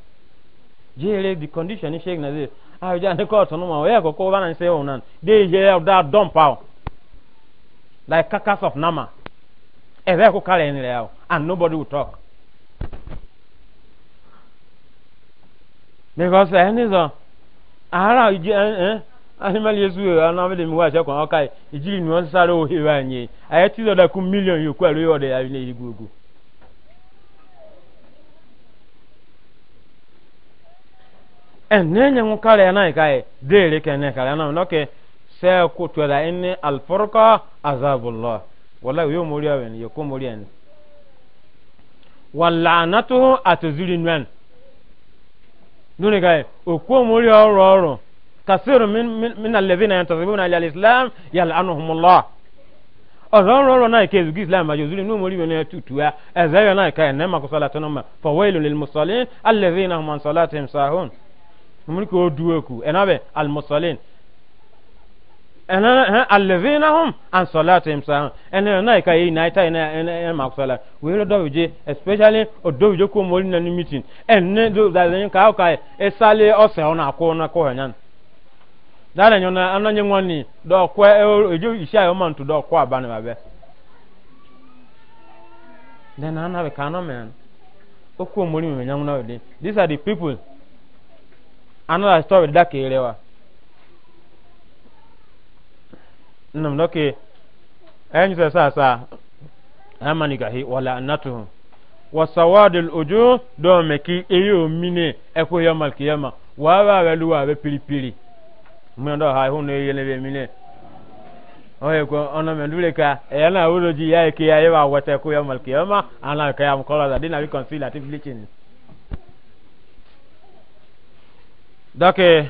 جيري دي كونديشن الشيخ نزيف awija ne kɔɔtɔ no ma o yɛ koko bana n se o nan de yɛ o da dɔn pa like carcass of nama ɛ bɛ ko kala yɛn lɛ o and nobody will talk because ɛni sɔn ara ɛ ɛ animal yesu ye anamidi mi wa se kɔn ɔka ye ijiri ni wɔn sáré o hewa nye ayɛ ti dɔ da ku million yoku alo yɔ de ayi ne yi enenye eh, ngukale yana ikaye dele kene kale yana noke se kutwela inni alfurqa azabullah wallahi yo muri awen yo ko muri en wallanatuhu atuzuri nwen nune kaye okwo muri oro oro kasiru min min, min alladhina yantazibuna ila alislam yal'anuhumullah ọ̀rọ̀rọ̀rọ̀ náà kí ezugí islam àjò zuri ní mori bẹ̀rẹ̀ tutù ẹ̀ ẹ̀zẹ̀ yọ náà ká ẹ̀ nẹ́ẹ̀ma kó sọ́lá tó náà mọ̀ fọwọ́ ìlú lè mùsọ̀lẹ́ alẹ́ zina mọ̀ sọ́lá tẹ̀ ń sáhùn. mun ko duweku enabe almusalin ena alladhina hum an salatihim sahun ena na ka yi na ita ina ina ma sala we lo do je especially o do je ko mo na meeting enne do ka ka e sale o se ona ko na ko nyona nwani do e isi ayo man to do kwa then o ko mo ni me we these are the people Another story da ke rewa nam doke ayin sa sa sa amani ga hi wala anatuhum wa sawadul uju do meki eyo mine eko yamal kiyama wa wa welu wa be piripiri mun do ha hu ne yele be mine oye ko ona me dule ka e na wuro ji ya ke ya wa wata ko yamal kiyama ana ka ya mkola da dina bi conceal at bleaching dake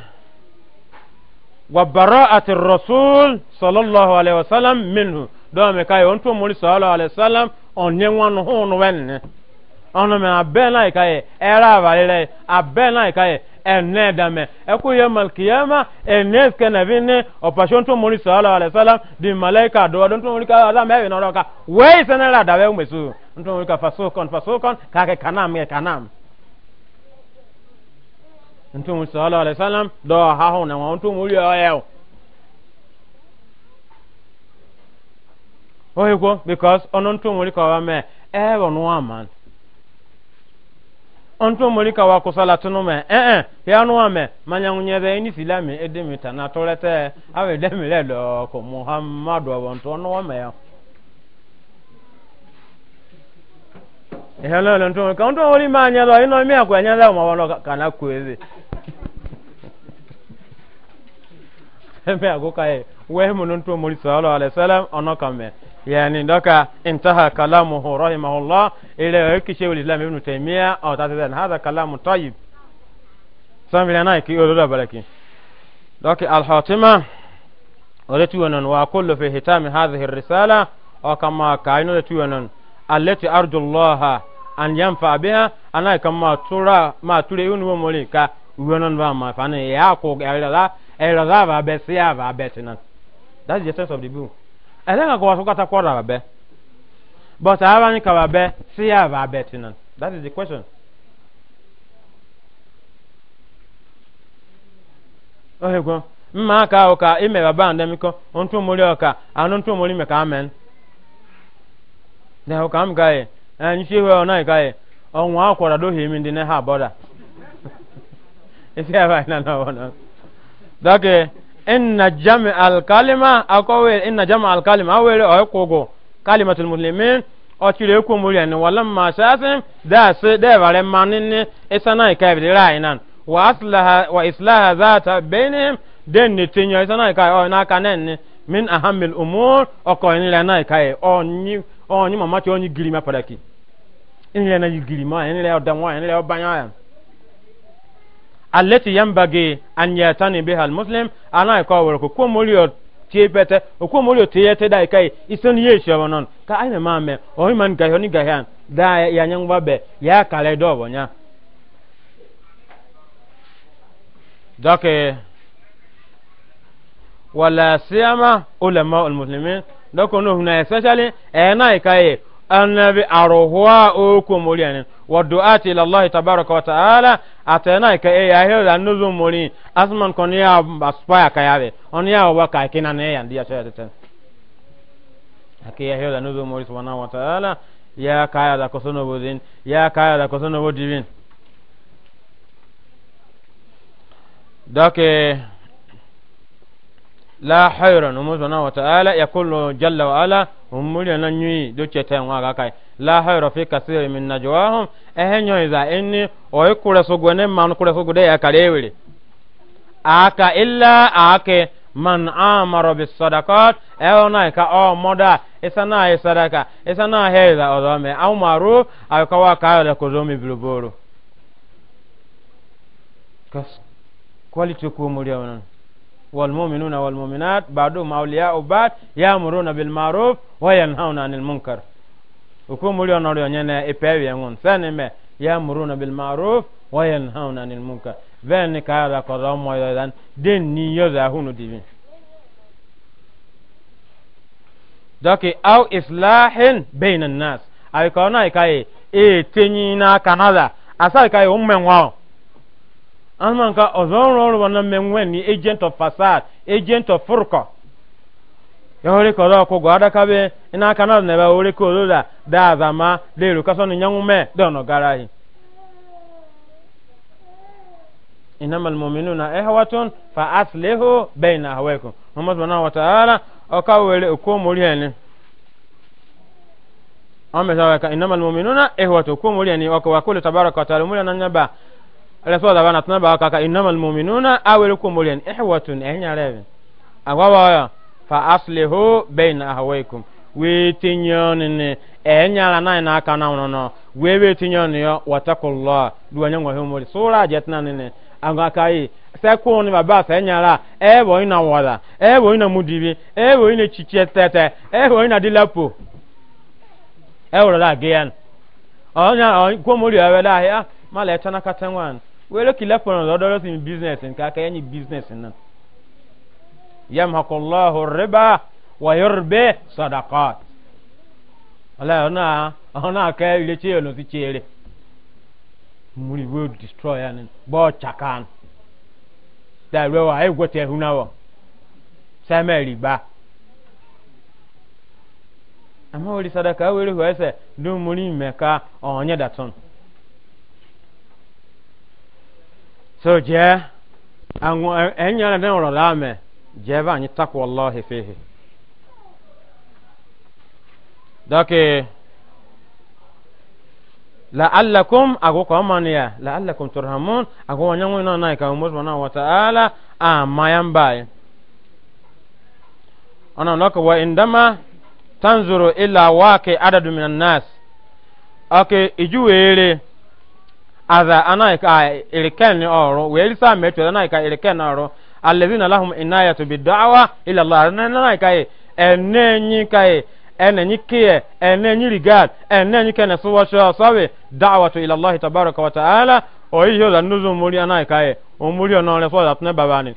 wa bara'ati rasul sallallahu alaihi wasallam minhu do me kai on to muri sallallahu alaihi wasallam on ne wan hu wenne on me abe na kai era valere abe kai enne dame eku ye mal na vinne to di malaika do don to me we umesu ka ka ke kanam ke kanam ntum sallallahu alaihi wasallam do ha ho na won tum uri oye oye ko because onon tum uri ka wa me e eh, won wa man ontu mori ka wa kusala tunu me eh eh ya nu ame manya nunye be ni silami edemita na tolete awe demire do ko muhammadu wontu onu ame ya ihe ntụ lontu ka ntụ ontu mori manya do ịnọ ime akwa nya da mo wono kana kwezi mbe agoka e we munun to muri sallallahu alaihi wasallam ono kame yani ndoka intaha kalamuhu rahimahullah ile kishe ul islam ibn taymiya au tatadan hadha kalamu tayyib sam bila nai ki ododa baraki doki al hatima ولتي ونن وكل في ختام هذه الرسالة أو كما كاينو لتي ونن التي أرجو الله أن ينفع ma أنا كما ترى ما ترى ينو مولي كا ونن ما فانا يا كوك يا لا ɛrɔza ba bɛ se a ba bɛ tena that is the essence of the bill ɛlɛn ka kɔba so kata kɔda ba bɛ but a ka ba bɛ se a ba bɛ tena that is the question. ohe gwo mma ka ahụ ka ime baba ndemiko ntụmori ọka anụ ntụmori meka amen dehụ ka m gaghị anyị e, si ihu ọnaghị gaghị ọnwa akwara dohie imi ndị na ha bọda isi ebe anyị na n'ọbọ n'ọbọ dake inna jami alkalima akọwe inna jami alkalima awere ọkụgụ kalimatul muslimin ọchịrị ekwu muri ẹni wọlọ mma ṣaṣin daasi dẹbàrẹ mmanni ní isana ika ibidira ayinan wa islaha zata benin den ne tinyo isana ika ọ n'aka nẹni min ahamil umur ọkọ ìnira náà ika ẹ ọnyi ọnyi mama ti ọnyi girima pàtàkì ìnira náà yi girima ìnira ọdẹwọn ìnira ọbanya ọyàn. alati yambage an yatani biha almuslim ana ko wor ko ko moliyo tiepete o ko moliyo tiyete dai kai ison ye shawo non ka ai ma me o man ga yoni ga han da ya nyang babe ya kale do bonya dake wala siyama ulama almuslimin dako no especially e nai kai annabi arohwa o والدعاة إلى الله تبارك وتعالى أتناك أي أهل النزوم مولين أسمن كونيا أسبايا كيابي أنيا وكا كنا نيا دي شهادتين أكي أهل النزوم مولين سبحانه وتعالى يا كايا دا كسونو بودين يا كايا دا كسونو بودين دوكي la hayra no mo zona wa ta'ala yaqulu jalla wa ala umuri na nyi do cheta wa ga kai la hayra fi kaseer min najwahum ehenyo iza inni o ikure so gone man kure so gode ya karewele aka illa ake man amara bis sadaqat ewona ka o moda isana ay e sadaka isana heza odome au maru ay ka wa ka ya ko zomi kas quality ko muri والمؤمنون والمؤمنات بعضهم أولياء بعض يأمرون بالمعروف وينهون عن المنكر وكم مليون أولياء ينا إبهي ينون سنما يأمرون بالمعروف وينهون عن المنكر ذلك هذا قضاهم ويذان دين يذاهون دين دوكي أو إصلاح بين الناس أي كونا إكاي إيه تنينا كندا أسا إكاي أمم واو ama nka ọzọ ọrụ na mmenwe ni agent of facade agent of Ya yahore kọrọ ọkụ gwa adakabe ina aka na nebe ore ka olola da azama da eru kasọ ni nyanwu me da ọnọ gara hi inama na ehwatun fa aslihu bayna ahwaikum ọka were ọmọ ẹsẹ na ehwatun resoda bana tuna ba kaka innamal mu'minuna awlikum mulyan ihwatun enya eh, rebe ya fa aslihu we eh, la nai na aka na unono we we tinyonne yo watakullah duwanya ngwa humuri sura jetna nene agaka yi sekun baba sa eh, enya la ina ina mudibi ina ina dilapo onya oh, muri ya wele kila kpɔnɔ lɔdɔlɔ si business nka kɛ ni business in na yamhakullahu riba wa yurbi sadaqat ala ona ona ka ile che no si chere muri wo destroy an bo chakan da we wa e gote hunawo same riba amma wori sadaka wori ho ese do muri meka onye daton so jee anwụ enyere e ndị nrọrọ ame jee ebe anyị takwa Allah fehe dọkị la'allakum agụkọ ọmanụ ya la'allakum turhamun agụkọ onye nwe na naị ka umar subhanahu wa ta'ala a ya mba anyị ọnụ nọkụ wa indama tanzuru ila waqi adadu minan nas ọkị iju were aza anaika iriken ọrụ wee sa metu anaika iriken ọrụ alladhina lahum inayatu bid'awa ila allah anaika enenyi kai enenyi kiye enenyi rigad enenyi kene suwa sho sawe da'watu ila allah tabaraka wa ta'ala o yiyo da nuzu muri anaika o muri ona re so da babani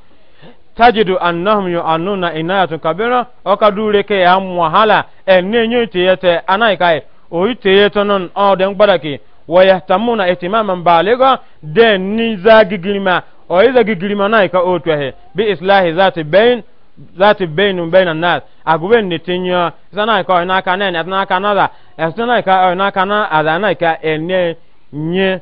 tajidu annahum yu'annuna inayatu kabira o kadure ke amwahala enenyi tiyete anaika o itiyete non o den gbadaki wayahtamuna ihtimaman baliga de ni za gigirima o iza gigirima na ka otu he bi islahi zati bain zati bainu baina nas agube ni tinyo sana ka na ka na na ka na da sana ka na ka na ada na ka ene nye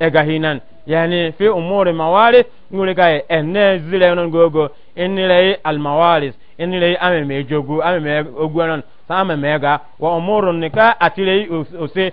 egahinan yani fi umuri mawaris ngure ka ene zire non gogo enire al mawaris enire ame sa ame wa umurun nika atire ose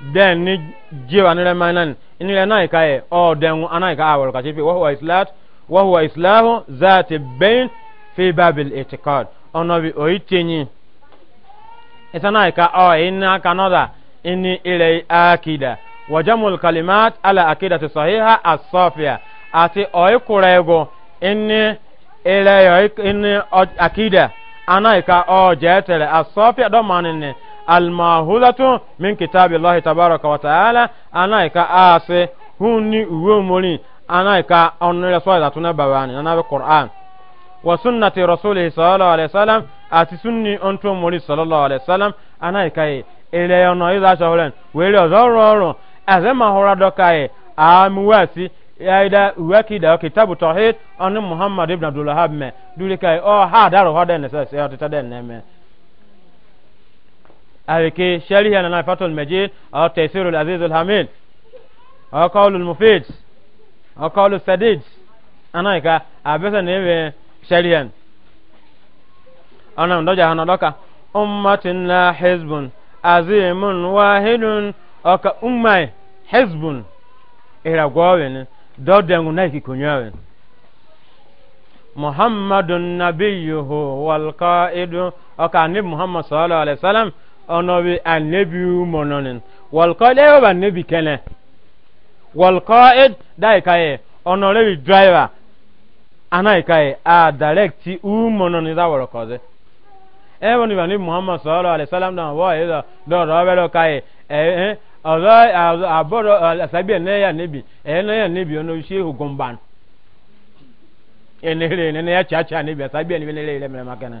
den ni jiwa ni remainan ini le nai kae o den anai ka awol ka tipi wa huwa islat wa huwa islahu zati bain fi babil itiqad ono bi o itinyi itanai ka o inna kanoda ini ile akida wa jamul kalimat ala akidati sahiha as-safiya ati o ikurego ini ile yo ini akida anai ka o jetere as-safiya do manene almahudatu min kitabi allah tabaraka wa ta'ala anaika ase huni uwe mori anaika onire so da tuna babani na bi qur'an wa sunnati rasulih sallallahu alaihi wasallam ati sunni onto mori sallallahu alaihi wasallam anaika e ele ono iza shoren were ozoro oro aze mahora dokai amuwasi yaida uweki da kitabu tawhid onu muhammad ibn abdullah me dulika o oh, ha daro hoden sa se otita den neme. أبكي شريحة لنا فتح المجيد أو تيسير العزيز الحميد أو قول المفيد أو قول السديد أنا إكا أبسا نيبي شريحة أنا مدوجة هنا دوكا أمة لا حزب عظيم واحد أو أمة حزب إلى قوين دو دنگو نايكي كنيوين محمد نبيه والقائد أو كان محمد صلى الله عليه وسلم ono bi annabiyu mononin wal qale wa annabi kene wal qaid dai kaye ono driver anai a directi u mononin da woro koze ni bani muhammad sallallahu alaihi wasallam da wa ida do ro be lo kaye eh eh ọzọ abọrọ asabi ene ya nebi ene ya nebi ono ishi hugumban enere ene ya chacha nebi asabi ene ene ile mere makana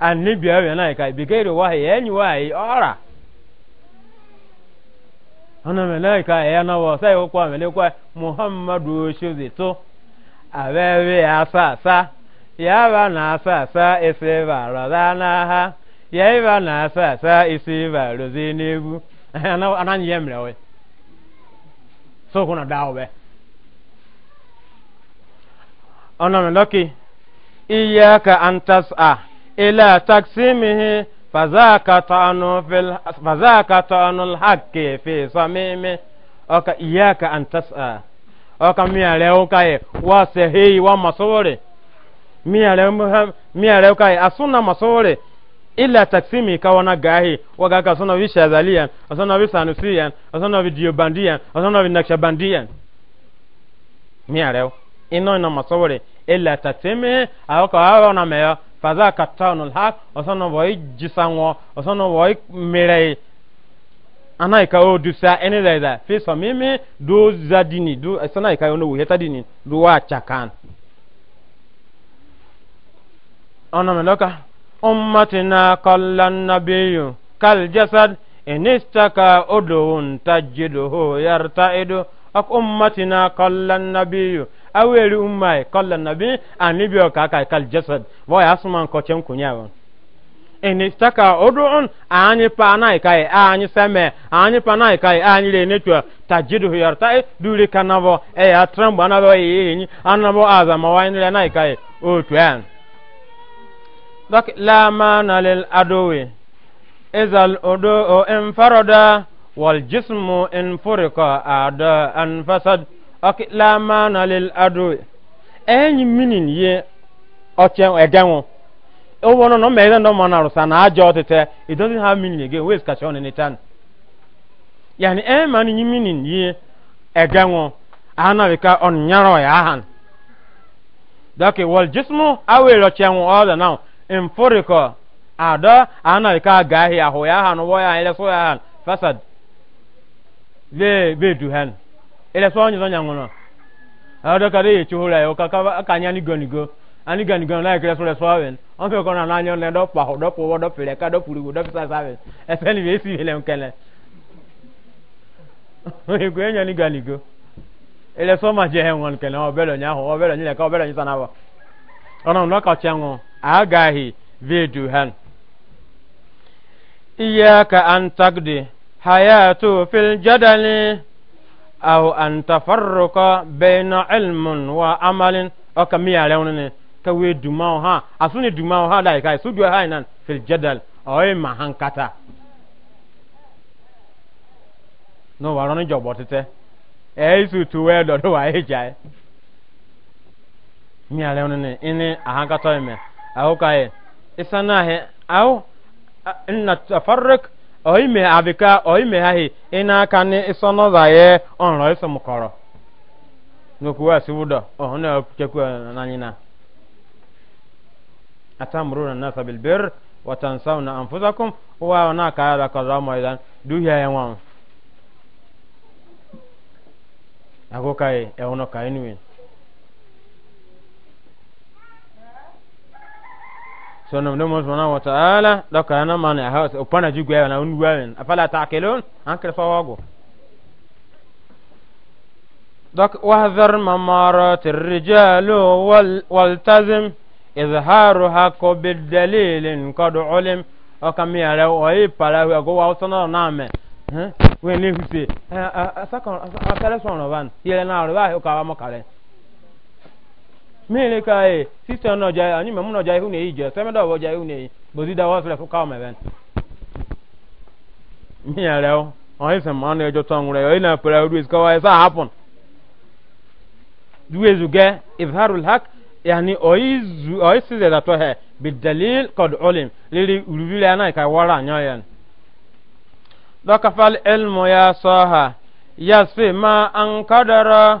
ani bia wia na ka bigeri wahi enyi wahi ora ana malaika ya e na wa sai e kwa malaika muhammadu shuzi to awewe asasa ya ba na asasa ese ba rada na ha ya e ba na asasa ese ba rozi nebu ana ana yemre we so kuna dawe ana malaki iyaka antas'a إلى تقسيمه فذاك طعن في ال... فذاك طعن الحق في صميمه أوكا إياك أن تسأل أوكا ميا لوكاي وسهي ومصوري ميا لهم ميا لوكاي أصنع مصوري إلا تقسيمي كوانا غاهي وغاكا أصنع في شاذليا أصنع في سانوسيا أصنع في ديوبانديا أصنع في نكشبانديا ميا لو إنو إنو مصوري إلا تقسيمه أوكا أوكا نميا faza ka taunul haq osono boy jisanwo osono boy mirei ana ka odusa dusa ene da da fi so mimi do zadini do sana ka ono wo dini do wa chakan ona meloka ummatina qallan nabiyyu kal jasad inistaka udun tajiduhu yartaidu ak ummatina qallan nabiyyu awere ummai e, kalla nabi an libya ka aka e, kal jasad wa ya suman ko chen kunyawo eni staka odun anyi pa nai e kai anyi seme anyi pa nai kai anyi le netwa tajidu yarta duri kanavo e ya tramba na ba yi anabo azama wa ni le nai kai otwan dak la mana lil adawi izal odo o infarada wal jismu infurika ada anfasad ok la mana lil adu enyi minin ye oche edenwo owono no meze no mana rusa na ajo tete it doesn't have meaning again where is kashon in etan yani e man nyi minin ye edenwo ana bika on nyaro ya han dake wal jismu awelo chenwo all now in foriko ada ana bika agaghị ahụ ya han wọ ya ile so ya han fasad du ha han ele so onyo nya ngono ado kare ye chuhura yo kaka akanya ni gonigo ani ganigo na ikre so le so awen on fe kona na anyo le do pa ho do po wo do pele ka do puru do pisa sabe ese ni be si le nkele e ni ganigo ele so ma ni le ka ni sana ba ona no agahi vedu han iyaka an tagdi hayatu fil jadali aw an tafarruqa baina ilmin wa amalin o ka miya rewni ne ka we dumaw ha asuni dumaw ha dai kai su ha nan fil jadal o yi ma hankata no wa ron jobo tete e su tu we do do wa e jai miya rewni ne ini a hankata me aw kai isana he aw inna tafarruq oime abika oime hahi ina aka ni isono zaye onro iso mukoro na sibudo ohuna okekwa nanyina atamruna nasa bil bir wa tansawna anfusakum wa ona ka ala kaza moidan duhia yanwa agokai ehono kainwi sono mdomo subhanahu wa ta'ala doka yana mana ha upana jigwe na unwawen afala taqilun ankar fawago dok wahdhar mamarat ar-rijal wal waltazim izharuha ko bidalilin qad ulim o kam yara o yi pala go wa sono na me hmm? we ne huse asakon asakon so no ban yele na ro ba o ka wa mo kale mele ka e sista no jai anyi memu no jai hu ne ije se do wo jai hu ne bozi da wo fere fu ka me ben mi ale o o ise ma na ejo ton re o ina pere ru is ka wa isa happen duwe zuge izharul haq yani o izu o ise da to he bid dalil qad ulim lili urubile ana ka wara anyo yan dokafal ilmu ya saha yasfi ma an qadara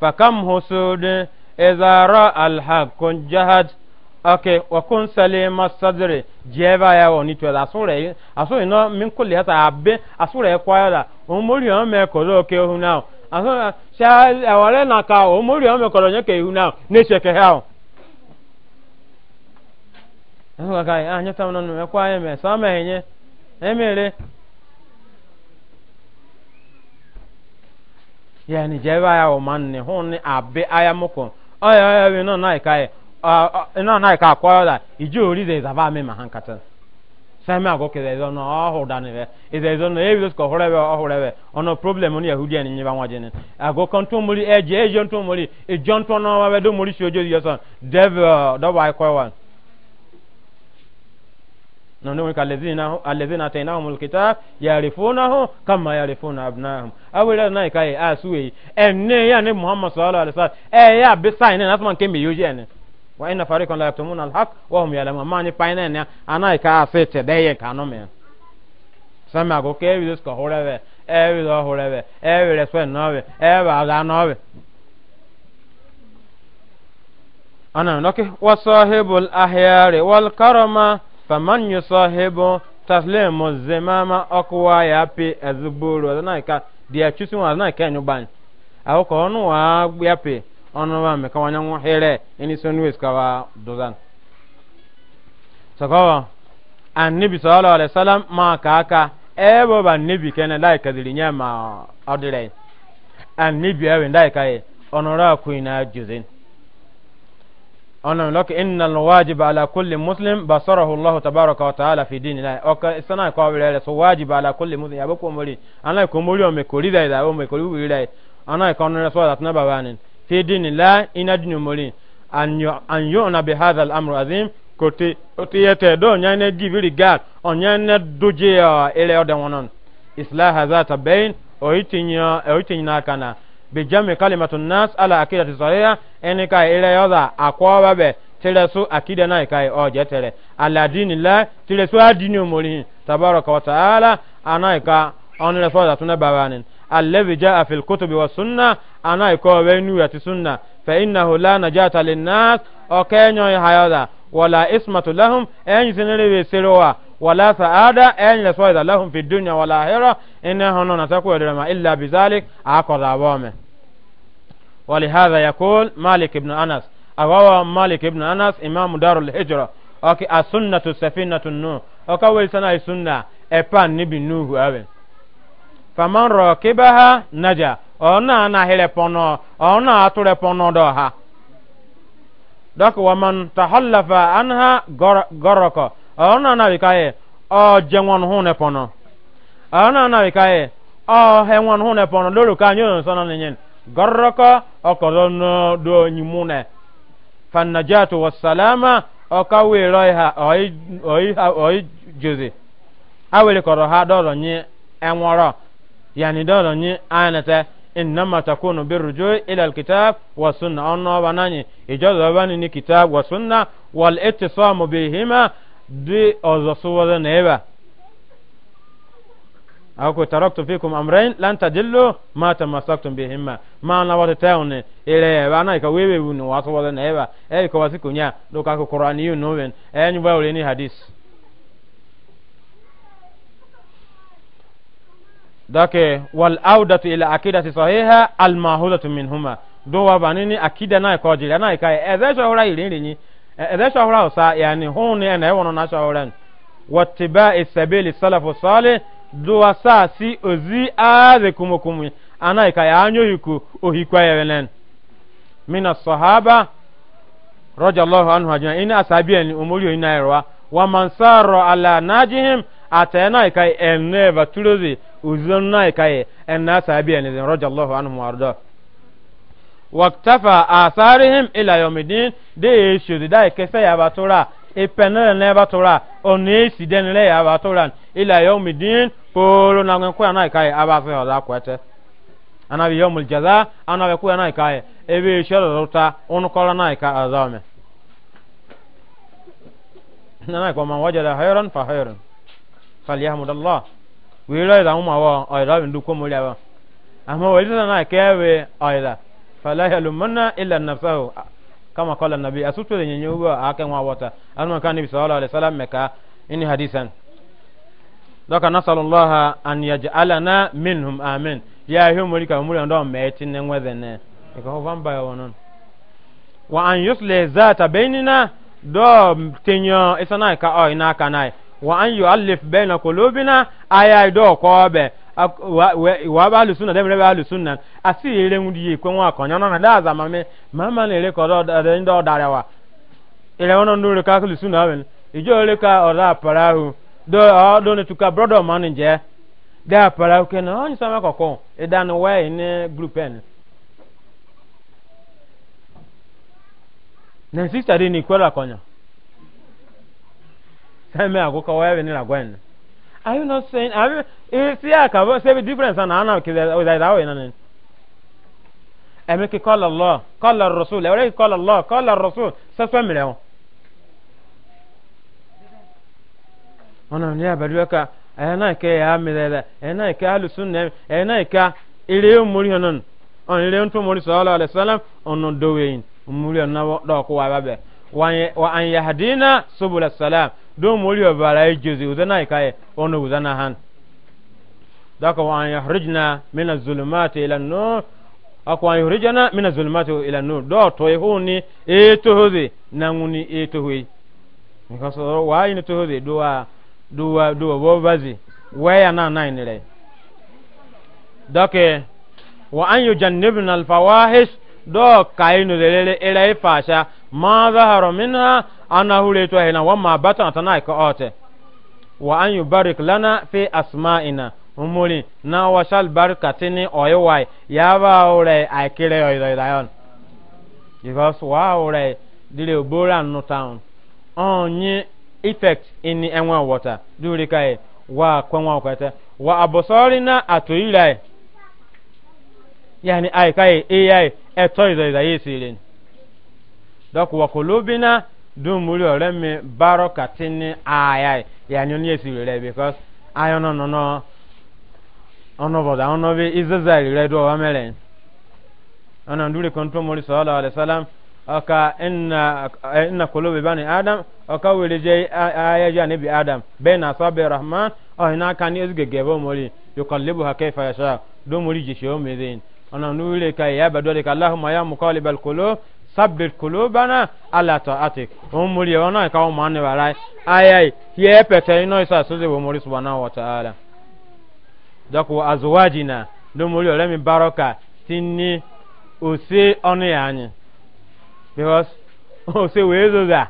فكم حسود إذا رأى الحق جهد okay wa kun salima sadri ya woni to da Asụrụ aso ino min kulli hata abbe asure kwa da o mori o me ko lo ke na na ka o mori o me ko lo na yani jeba ya o manne hon abe aya moko oya oya we no na kai no na kai ko da iju ori de za ba me ma hankata sami ago ke zo no ho da ne e de zo no e bi ko hore we o hore we ono problem ni yahudi ani nyiba nwaje ne ago kon to muri e je e je to muri e jonto no wa we do muri shojo yoso dev uh, do ba e ko نونك الذين الذين اتيناهم الكتاب يعرفونه كما يعرفون ابناهم اولا نايك اي اسوي ان يعني محمد صلى الله عليه وسلم اي يا بساين ناس من كم يوجين وان فريقا لا يكتمون الحق وهم يعلمون ما ني باين انا ايك افيت ده كانوم سمع كو كيف ذس كهوره اي ذا هوره اي رسن نو اي بعدا نو انا نوكي وصاحب الاحيار والكرمه faman yusahibu taslimu zimama okuwa ya pi ezuburu azana ka dia chusi wa azana ka nyuban awo ko onu wa ya pi onu wa me ka wanyangu hele ini sonu es ka wa dozan sakawa annabi sallallahu alaihi wasallam ma ka aka ebo ba nabi kene dai ka diri nyama odire annabi awe dai ka e onora ku ina juzin ona lok inna alwajib ala kulli muslim basarahu allah tabaraka wa taala fi dinillah o ka sana ko wele so wajib ala kulli muslim yabo ko mori ana ko mori o me ko ri da o me ko ri da ana ko no so that na babanin fi dinillah ina dinu mori an yu an yuna bi hadha al-amr azim ko te o te yete do nya ne giviri gal o nya ne doje ele o de islah hadha tabain o itinya o bijami kalimatu nas ala akidati sahiha eni kai ile yoda akwa be tire su akida nai kai oje tere ala dini la tire su adini umuri tabaraka wa taala anai ka onire so da tuna babanin alladhi jaa fil kutubi was sunna anai ko wenu ya ti sunna fa innahu la najata lin nas o kenyo hayoda wala ismatu lahum enyi sinere we serowa ولا سعادة أن يسوي لهم في الدنيا والآخرة إنهم نتقوى درما إلا بذلك عقد عوامه ولهذا يقول مالك بن أنس أغوى مالك بن أنس إمام دار الهجرة أوكي السنة السفينة النوح أوكي سنة السنة أبان نبي نوه أبن فمن ركبها نجا أنا أنا هل بنا أنا أطول بنا دوها دك ومن تحلف عنها غرق Ọ ọ̀nà náà wíkà yẹ ọ̀ jẹ wọn hùn nẹ pọ̀nà na náà wíkà yẹ ọ̀ hẹ wọn hùn nẹ pọ̀nà lórí ka nyẹ ọ̀nà sọ̀nà nìyẹn gọ́rọ́kọ́ ọkọ̀ lọ́nà dọ̀ nyimu nẹ fanajatu salama ọkọ̀ wíìrọ̀ ha ọ̀yí jòzè awele kọrọ ha dọ̀rọ̀ nyi ẹ̀wọ̀rọ̀ yàní dọ̀rọ̀ nyi ànẹtẹ̀ innama takunu birrujui ila alkitab wa sunna ọ̀nà ọba nanyi ìjọ́zọ̀ ọba ni ni kitab wa sunna wal ittisamu bihima dwi ọzọ sụwọdọ na ebe ako taraktu fikum amrayn lan tadillu ma tamassaktum bihima ma na wata tawne ile ba na ka wewe wunu wato wala na eba e ko kunya do ka qur'ani yu no wen e nyu ba ni hadis wal al wa ɛdɛ sɔhura o sa yanni hun ni ɛna ɛwɔ na sɔhura ni wɔtiba isabeli salafu sɔɔli duwa saa si ozi aaze kumukumu ana ika ya anyo hiku ohikwa yɛ wɛlɛn mina sahaba rɔja lɔhu anu hajjina ina asabi ɛni omori oyin na yɛrɛ wa mansaro ala najihim ata ɛna ika ɛnɛ ba turozi ozon na ika yɛ e, ɛna asabi ɛni zin rɔja lɔhu anu mu ardɔ. waktafa asarihim ila yomidin de esho de da kese ya batura ipenere ne batura onu esi denere ya batura ila yomidin polo na ngwe kwa na kai abafe oda kwete ana bi yomul jaza ana be kwa na kai ebe esho lota onu kola na kai azame nana kwa man wajada hayran fa hayran falyahmudallah wira da umma wa ayra bin du ko mụrụ ya bụ. amma wali na kai we ayra fala yalumanna illa nafsahu kama qala nabi asutu lenye nyuba ake wa wata anu kan nabi sallallahu alaihi wasallam meka ini hadisan doka nasallallahu an yaj'alana minhum amin ya hiyo mulika muri ndo meti ne ngwedene iko vamba ya wonon wa an yusli zata bainina do tenyo isana ka o ina kanai wa an yu'allif baina qulubina aya do ko be wa ba alusunna dem rebe alusunna asi ere nwu diye kwe nwa akonya na na daza mame mama na ere kodo dare ndo darewa ere wono ndure ka alusunna wen ijo ere ka ora parahu do o do ne tuka brother man je da parahu ke na onyi sama kokko idan e we ni group en na sister de ni kwela akonya same agoka wewe ni la gwen Are you not saying? Are you? You see, I say the difference. And I know because that that way, none. Emeke call Allah, call Rasul. I already call Allah, call Rasul. Sasa mleo. Ona mnyea baduaka. Ena ke ya milela. Ena ke ahlu sunna. Ena ke ile muri hanan. On ile unto muri sallallahu alaihi wasallam on in. Muri na do ko wa babe. Wa an yahdina subul salam. don mori wa bara e jezi uzana e kai ono uzana han daka wa anya yuhrijna min zulumati ila nur akwa an yuhrijna mina zulumati ila nur do to ihuni e to hoze e to hoyi nikaso wa to wa wa bazi na na dake wa an annahu leto hina wa ma bata na ka ote wa an yubarik lana fi asma'ina umuri na wa shal barakatini oyowai ya ba ore akire oyo dayon because wa ore dile obora no town onye effect in enwa water duri kai wa kwenwa kwete wa abosorina atoilai yani ai kai e ai eto izo izo yisirin dok kulubina dum muri ore mi baro katini aya ya nyon yesi re because ayo no no no ono boda ono bi izazari re do amele ana ndure kontu muri sallallahu alaihi wasallam aka inna inna qulubi bani adam aka wele je aya ja bi adam baina sabi rahman o ina gebo izgege bo muri yuqallibu kayfa yasha dum muri jisho mezin ana ndure kai ya badole ka allahumma ya muqallibal qulub sabbit kulubana ala ta'atik on muri wana ka o mani barai ayai ye pete ino isa soze wo muri subhanahu wa ta'ala dako azwajina do muri ole mi baraka tinni ose onu yanyi because ose we zoza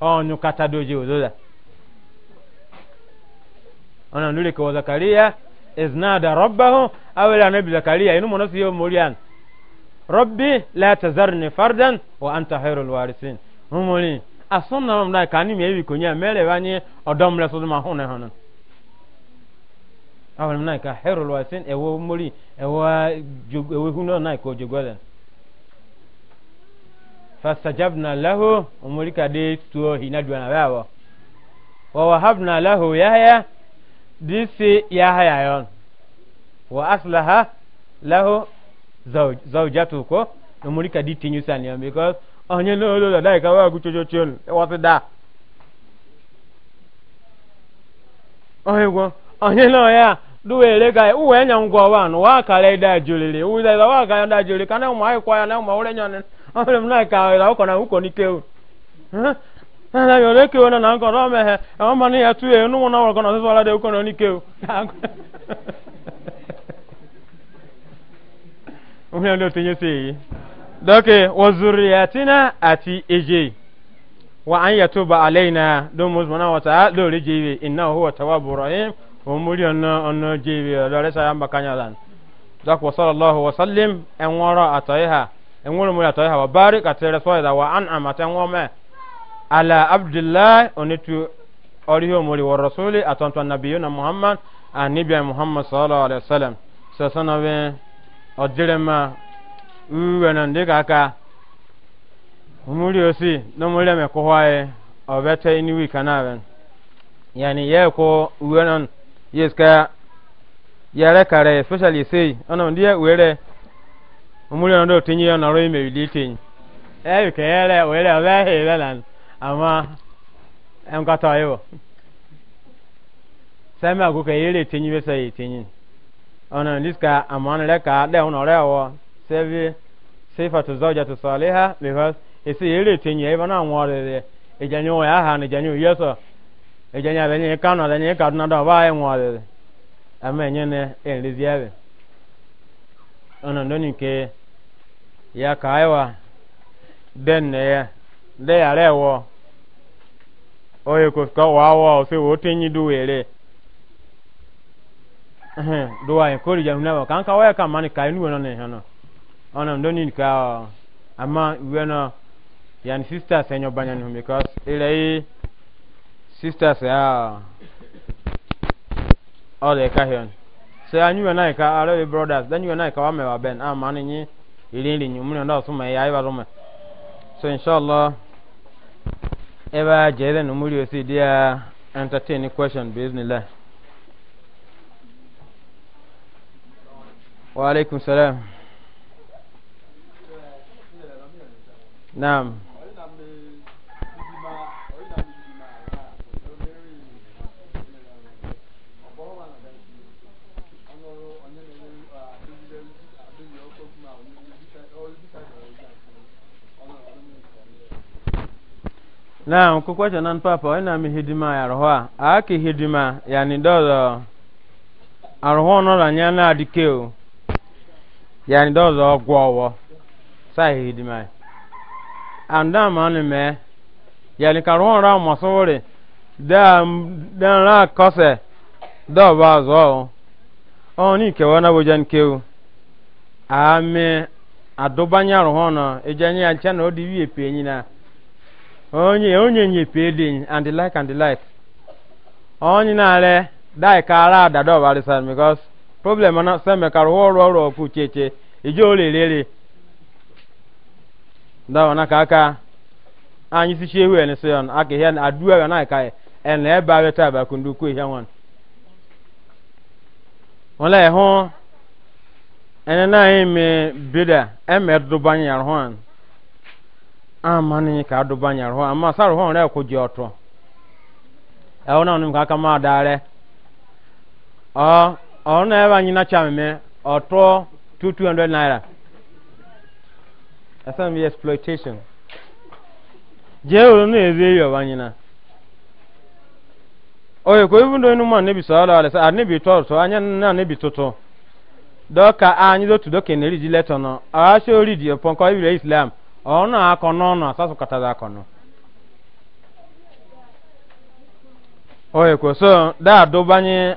onu kata doji ozoza ona nuri ko zakariya iznada rabbahu awela nabi zakariya inu monosi yo muri an rabbi la tazarni fardan wa anta khairul warisin umuri asunna ram da kani me bi konya mere wanye odom le soduma hone hono awon na ka khairul warisin ewo muri ewo ewo huno na ko jogoda fastajabna lahu umuri ka de tuo hinadwa na bawo wa wahabna lahu yahya disi yahya yon wa aslaha lahu zawjatu ko no muri ka diti nyu san yam because onye ah, Na lo da ka wa gu chocho chon e wa da oye ah, go onye ah, no ya du were ga u we ngwa wa no wa ka le da jolele u da wa ka da jolele kana mu ai e kwa na mu ure nya ne ole mu na e ka ra ko na u ni ke u ha na yo le ke ona na ko ro me he o e, ma ni ya tu e nu na wa ko na so la de ko no ni ke u ohun ló tẹ̀yẹ sí èyí dọ́kẹ́ wọ́n zuri àtinà àti èjè wọ́n á ń yàtọ̀ bá alẹ́ iná ló mú sùmọ́nà wọ́ta lórí jẹ́wé iná òhun wọ́ta wà bùrọ̀ yìí wọ́n múrí ọ̀nà ọ̀nà jẹ́wé ọ̀lọ́rẹ́ sáyà ń bá kányà lan dọ́kẹ́ wọ́n sọ̀rọ̀ lọ́hùn wọ́n sálẹ̀m ẹ̀wọ̀rọ̀ àtọ̀yẹ́ ha ẹ̀wọ̀rọ̀ múrí àtọ̀yẹ́ ha wọ́n bárí kàtẹ́rẹ́ ala abdullahi onitu ọ̀rìhó múrí wọ́n rọ̀súlì àtọ̀ntàn nàbíyó na muhammad àníbíà muhammad sọ̀rọ̀ alẹ́ sọ́lẹ̀m sọ̀sọ́nà bẹ́ẹ̀ mma, uwe uwena ndị ka aka umuri osi na umuri me kuhwaye obete inuwi kanaben yani ye ko uwena yeska yare kare especially sei ono ndiye were umuri ndo tinyi na ro ime litin e ke ere were obe he na ama em kata yo sema ko ke yere tinyi be sai tinyi ana liska amana leka da ona rewo sevi sifatu zawjatu salihah because isi yele tinye iba na nwore ejanyo ya ha ni janyo yeso ejanya benye kanu benye kaduna da ba nwore amenye ne enliziabe ana ndoni ke ya kaiwa denne ya de ya rewo oye ko ko wa wa o se wo tinyi duwere do wa ko rija hunna kan ka wa ka man ka ni wono ne hono ona ndo ni ka ama wena yan sister senyo banyan hum because ile sisters ya all ah, the kahion so anyu na ka arabi ah, brothers then you na ka wa me wa ben ama ah, ni ni ile ile nyu mun ndo so me ya iba roma so inshallah eba jere no muri osi dia entertain question biznillah وعليكم السلام نعم naam kukwata nan papa ina mi hidima ya roho a aki hidima yani dodo arho no la nyana yani dɔzɔ gɔwɔ sahi hidima anda mani mɛ yani karuwan ra masori dan ra kɔsɛ dɔw b'a zɔ o ni kɛwɛ na bojan kewu ami a dubanyaru hɔnɔ na o di pe nyina onye nye pe den like and like problem na seme ka rụọ ọrụ ọrụ ọkụ cheche ije olelere dawa na ka aka anyị si chehu en sion aka ihe adua ga na ka en ebe e a weta ba kundu ku ihe nwan wala e ho ene na yi e me bida eme dubanya yar hoan amani ka dubanya yar hoan amma saru hoan re ku ji oto e ona onum ka aka ma dare ọ ọrụ na ebe anyị nacha two two hundred naira asem bi exploitation jee ụlọ na-ezi eyi ọba anyị na oye ko ibu ndonu ma nebi sọọla alisa a nebi tọ ọtọ anya na nebi tụtụ dọka anyị dotu dọka e na eriji letọ nọ ọ asị ori dị ọpọ nkọ ibiri islam ọ na akọ n'ọnụ asasụ kataza akọ nọ oye ko so daa dụbanye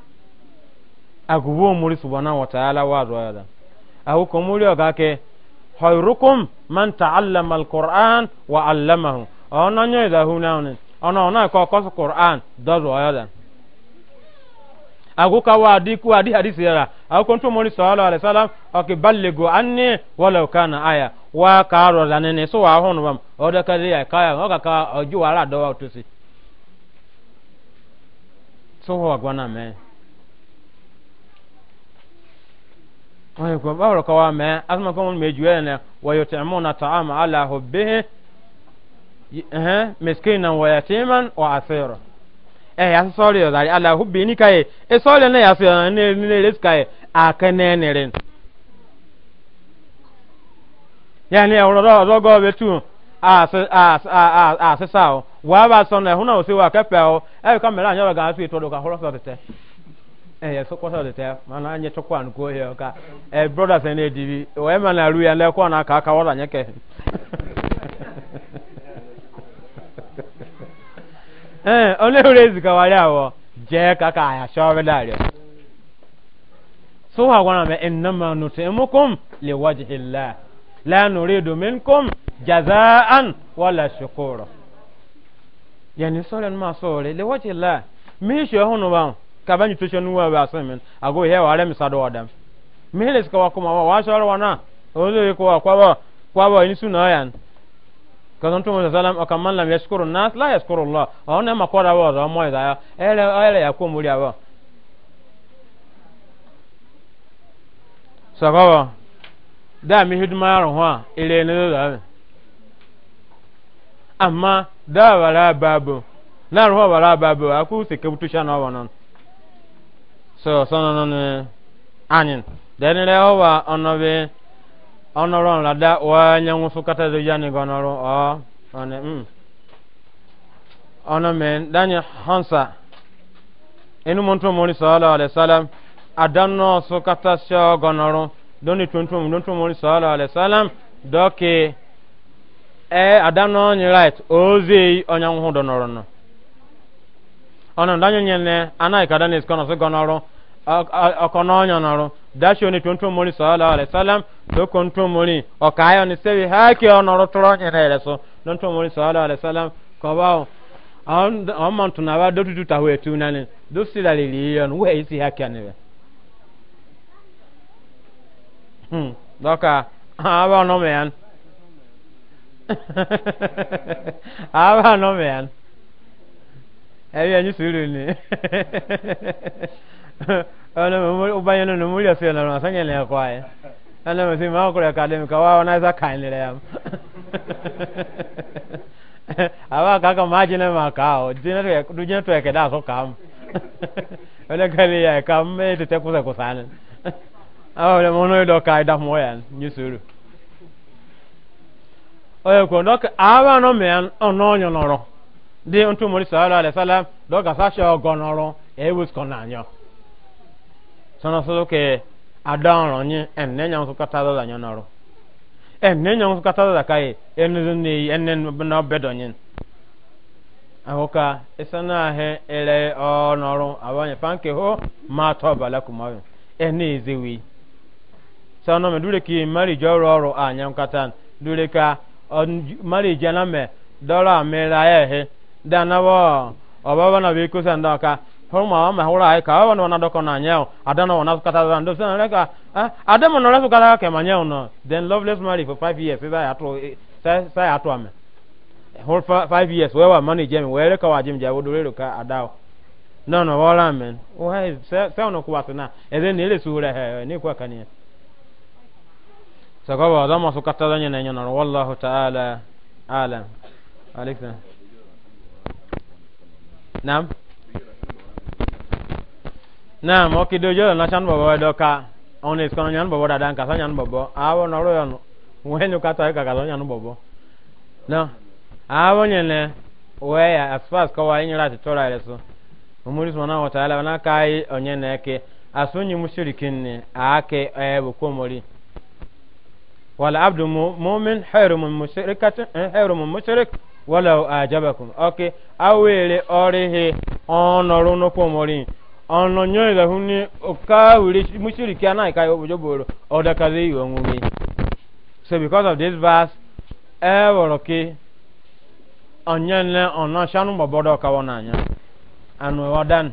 agubo muri subhanahu wa ta'ala wa zoyada ahu ko muri oga ke khairukum man ta'allama alquran wa 'allamahu ona nyoy da hunawne ona ona ko ko qur'an da zoyada agu ka wa di ku adi hadisi yara ahu ko to muri sallallahu alaihi wasallam o ke balligu anni walau kana aya wa ka ro lanene so wa honu bam o da ka ya ka ya o ka ka oju ara do wa tusi so wa gwana me ko bawro ọ wa me asma ko mon meju ene wa yutamuna ta'ama ala hubbihi eh miskinan wa ọ eh, ala e sori na ya so ya ni awro ro a a a a se na huna o se ọ kape ka me ọ ọ ehe sokoto dị tee mana anyị chụkwa nke ohi ọka e eh, brothers na edibi wee ma na aru ya lekwa na aka aka wọra nyeke ee onye hụrụ ezigawara awọ jee ka ka ahịa shọrị darịọ so ha gwara m innama nutimukum liwajhi llah la nuridu minkum jazaan wala shukura yani sore ma sore liwajhi llah mi shi hunu ba kabanyi tusho nuwa we asemen ago he wale misado adam mihele sika wakuma wa washara wana ozo yiko wa na yan kazan tumu salam akamman lam yashkuru nas la yashkuru allah ona makwara wa za moyo da ele ele yakumuli aba sabawa da mi hidma ya ho ile ne da amma da wala babu na ro wala babu aku so sono non anyin den le owa onobe onoron la da wa nyanwu fukata zo yani gonoro o one mm ono men dani hansa enu monto moni sallallahu alaihi wasallam adanno sukata sho gonoro doni tuntum nonto moni sallallahu alaihi wasallam doke e adanno ni right ozi onyanwu donoro no ono ndanyo nyene ana ikada ne skono so gonoro okono nyonoro dashi oni tuntu mori sallallahu alaihi wasallam to kontu mori o kayo ni sebi haki onoro toro nyene reso nontu mori sallallahu alaihi wasallam ko bawo on on mantu na wa dotu tuta wetu nani do sila lili yon we isi haki anibe hmm doka aba no me an aba no me ẹ̀rí ẹni sùúrù ni ọ̀nà ọbànyẹ nínú múlí ọ̀sẹ̀ ọ̀nà ọ̀nà sọ́nyẹ̀ ní ẹ̀kọ́ ayé ẹ̀nà mẹ̀sí máa ń kúrò ẹ̀ka lẹ́mi ká wá ọ̀nà ẹ̀sà kàn ní rẹ̀ yàm àwọn àkàkọ̀ máa jẹ́ náà máa kà á ọ̀ dújẹ́ tó ẹ̀kẹ́ dáa sọ kà á mu ọ̀lẹ́kẹ́lẹ́ yà ẹ̀ka mẹ́rin tètè kúsẹ̀ kù sáni àwọn ọ̀lẹ́ mọ́nà ìdọ̀ ká ìdààmú yà ní sùúrù ọ̀yẹ̀kọ̀ ọ̀nà ọ̀nà ọ̀nyọ̀ nọ̀rọ̀ ndị ntu mori sallallahu ala wasallam do ga sa sho gonoro e wis konanyo sono so ke adanro nyi en ne nyam so kata da nyo n'ọrụ. en ne nyam so kata da kai en zo ne en ne na e, bedo nyi ahoka esana he ele onoro awanye panke ho ma atọ bala kuma en ne ezewi sono me dure ki mari joro oro anyam katan dure ka mari jana me dọ́là mẹ́ra ahịa. hẹ́ danabo obaba na be kusa ndaka homa wa mahura ai ka na doko na nyao adana wa nasukata za ndo sana leka eh adamu na rasu kala ke manyao no then loveless marry for 5 years sai ato sai ato ame hol 5 years wewa manage me wele ka wajim ja ka adao no no wala sai ono kuwa e ile he ni kwa kania za wallahu ta'ala alam eh. naam nam o na chan bobo do ka on is nyan bobo dadan ka nyan bobo awo no ro yon wenyu ka ta ka ka nyan bobo no awo we ya as far as ko wa nyira ti tora ile so umuri sona wa taala na kai onye na ke asunyi mushrikin ake e ko mori wal abdu walau ajabakum oke awere orihi ọnọrọ nnukwu mori ọnọ nyọ ilahu ni oka wuri musiri kia na ikai obojo boro ọdakazi iwe onwumi so because of this verse e wọrọ ki onyenle ọnọ shanu mọbọdọ kawo n'anya Anụ ọdan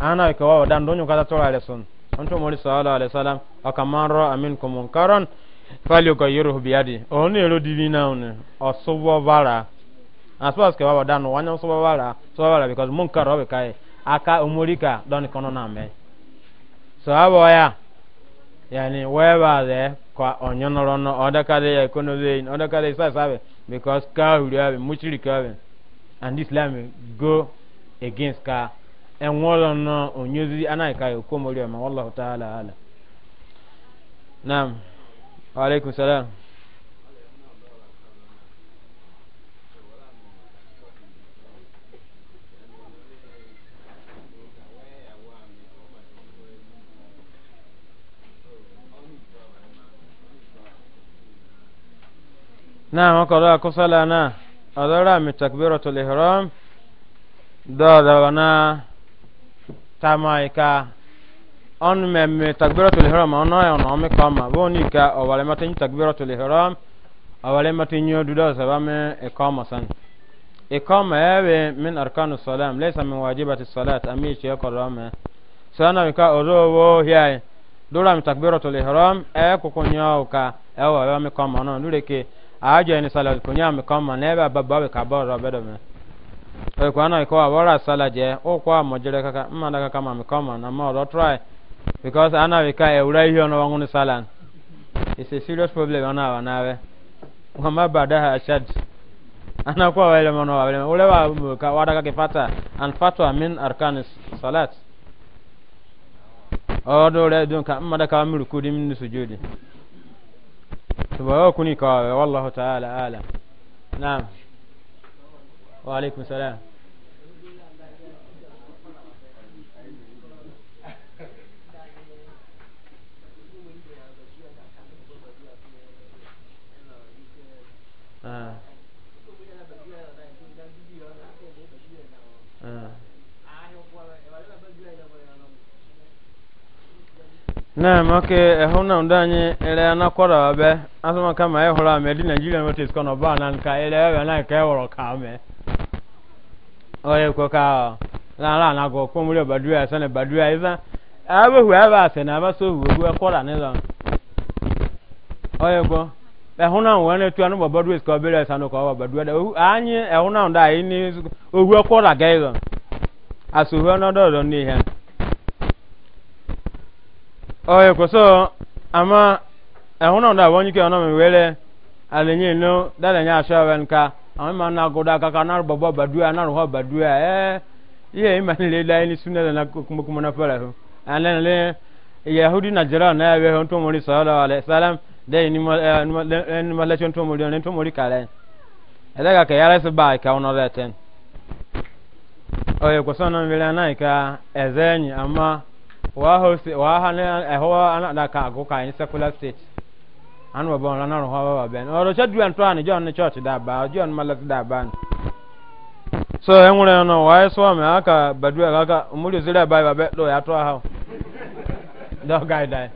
ana ikawa ọdan donyo kata tọrọ alesun ọntọ mori sallallahu alaihi wasallam ọkamarọ amin kumunkaron fali oka yoruhu biyadi ọnụ ero diri na ọnụ ọsụbọ bara aspas ke baba dano wanya so baba la so baba la because mun karo be kai aka umurika don kono na me so abo ya yani weba de kwa onyono no oda kare ya kono ze oda kare sa sabe because ka huri abi muchiri ka abi and islam go against ka enwolo no onyozi anai ka ukomori mori ma wallahu ta'ala ala naam wa alaikum salam نعم وقضاء كسلانا أدرى من تكبيرة الإحرام دادونا تمايكا أن من تكبيرة الإحرام أنا أنا مكما بونيكا أول ما تني تكبيرة الإحرام أول ما تني يدودا سبام إقامة سن إقامة من أركان الصلاة ليس من واجبات الصلاة أمي شيء قرامة سأنا بكا أدوه هي دورا من تكبيرة الإحرام أكو كنيا وكا أو أمي كما أنا نوريكي ajo ni sala kunya mi kama ne ba baba we ka ba ro be do me e ko ana ko awara sala je o ko mo jere kaka mma na kama mi kama na ma ro try because ana we ka e ura hi ono wangu ni sala it's a serious problem ana wa na we wa ma bada ha shad ana ko wale mo no wale ule wa ka wada ka kifata an fatwa min arkanis salat o do re dun ka mma da ka mi rukudi min sujudi سبحانه كوني والله تعالى أعلم نعم وعليكم السلام -huh. آه. Naam, okay, ehuna undanye ele anakwara wabe asoma kama ye hora me di Nigeria notice kono ba nan ka ele ya na ka e woro e ka me. Oye ko ka la la na go ko muri badu ya sene badu ya iza abe hu abe ase na abe so hu hu akwara ne lo. Oye ko ehuna wona tu anu badu is ko bere sanu ko badu da hu anyi ehuna unda yi ni ohu akwara e ga iza. Asuhu na do do ni he. Oyo koso ama ehuna nda wonyi ke ona mewele alenye no dala nya asha wen ka ama na goda ka ka na bobo badua na roho badua eh ye ima ni le dai ni sunna na kuma na fara ho anan le yahudi na jira na yawe hon to mori sallallahu alaihi wasallam dai ni eh, ni malachon eh, to mori ne to mori kale edaga ka yara se bai ka ona reten oyo koso na mewele na ka ezenyi ama wa hosi waha hana e ho ana da ka go ka in secular state an wa bon na ro wa ben o ro chadu an to an john ne church da ba john malas da ba so e nwere no wa so me aka badu aka ka umuri zira ba ba be do ya to ha do guide dai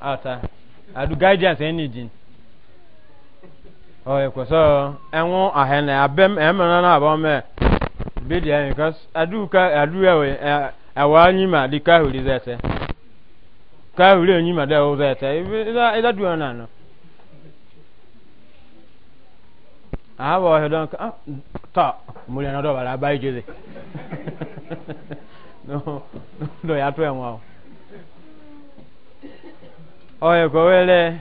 ata adu guidance any jin o e ko so enwo ahene abem e me na na ba me bi eh, because adu ka adu e awa nyima di kahuri zete kahuri onyima de o zete ila ila duwa na no awa he don ah ta muli na do bala bai jeze no do ya to enwa Oye ko wele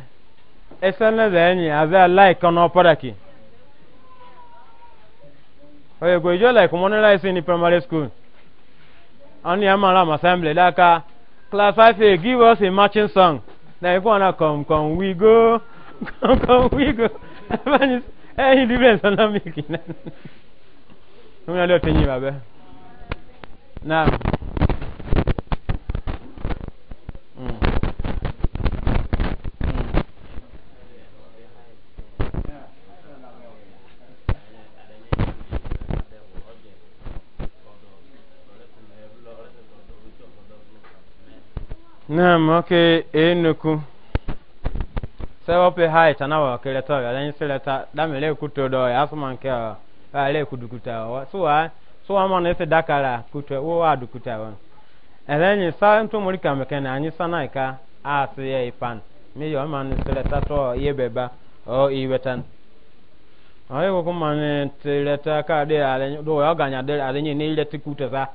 esana ze enyi like ono paraki. Oye ko go jo like monera isi ni primary school on Yamalam assembly like a class 5A, eh, give us a marching song. Now if you wanna come, come we go, come come we go. Any difference on that making? I'm not looking you, baby. Now. Naam, okay, enuku. Sawa pe hai tana wa keleta ya dan seleta damele kuto do ya asuma nke a ale kudukuta wa. So wa so wa mona se dakara kuto wo wa dukuta wa. Elenyi sa ntu muri kameke na anyi sana ika asi ye ipan. Mi yo man seleta to ye beba o iwetan. Ayo ko e kuma ne teleta ka de ale do ya ganya de ale ni ile tikuta za.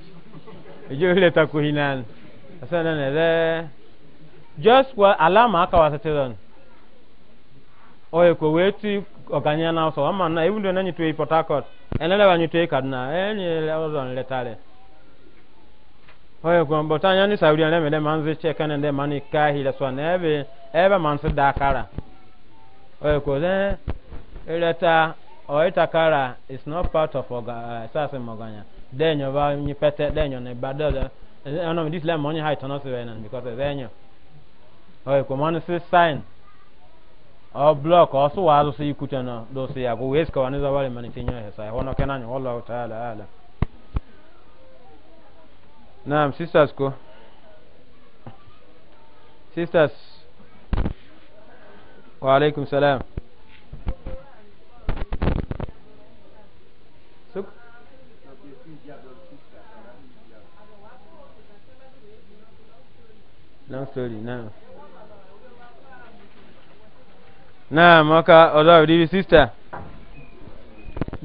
Jo ile takuhinan asana na le just kwa alama aka wasatiran oye ko weti oganya na so ama na even do na nyitu Port Harcourt enele wa nyitu Kaduna enye eh, le ozon letale oye ko mbotanya ni Saudi na mele manzi cheka na de mani kahi la so na ebe ebe manzi dakara oye ko le eleta oitakara is not part of oga uh, sasa moganya denyo ba nyipete denyo ne badala eh, ɛnna mi di islam mɔnyi ha itɔnɔ si wɛn na because ɛbɛ nyɛ ɔyɛ kò mɔni si sign ɔ oh, block ɔ oh, so wàá so ikú tɛ nɔ do si àgbo wéé sikɛ wà ní zɔbɔ lè mɛni ti nyɛ ɛsɛ ɛwɔ nɔ kɛnɛ nyɛ wɔlɔ ta ala ala. naam sisters ko sisters wa aleykum salaam. long story now now maka ọ ka ọ dọghọtebe ibi sista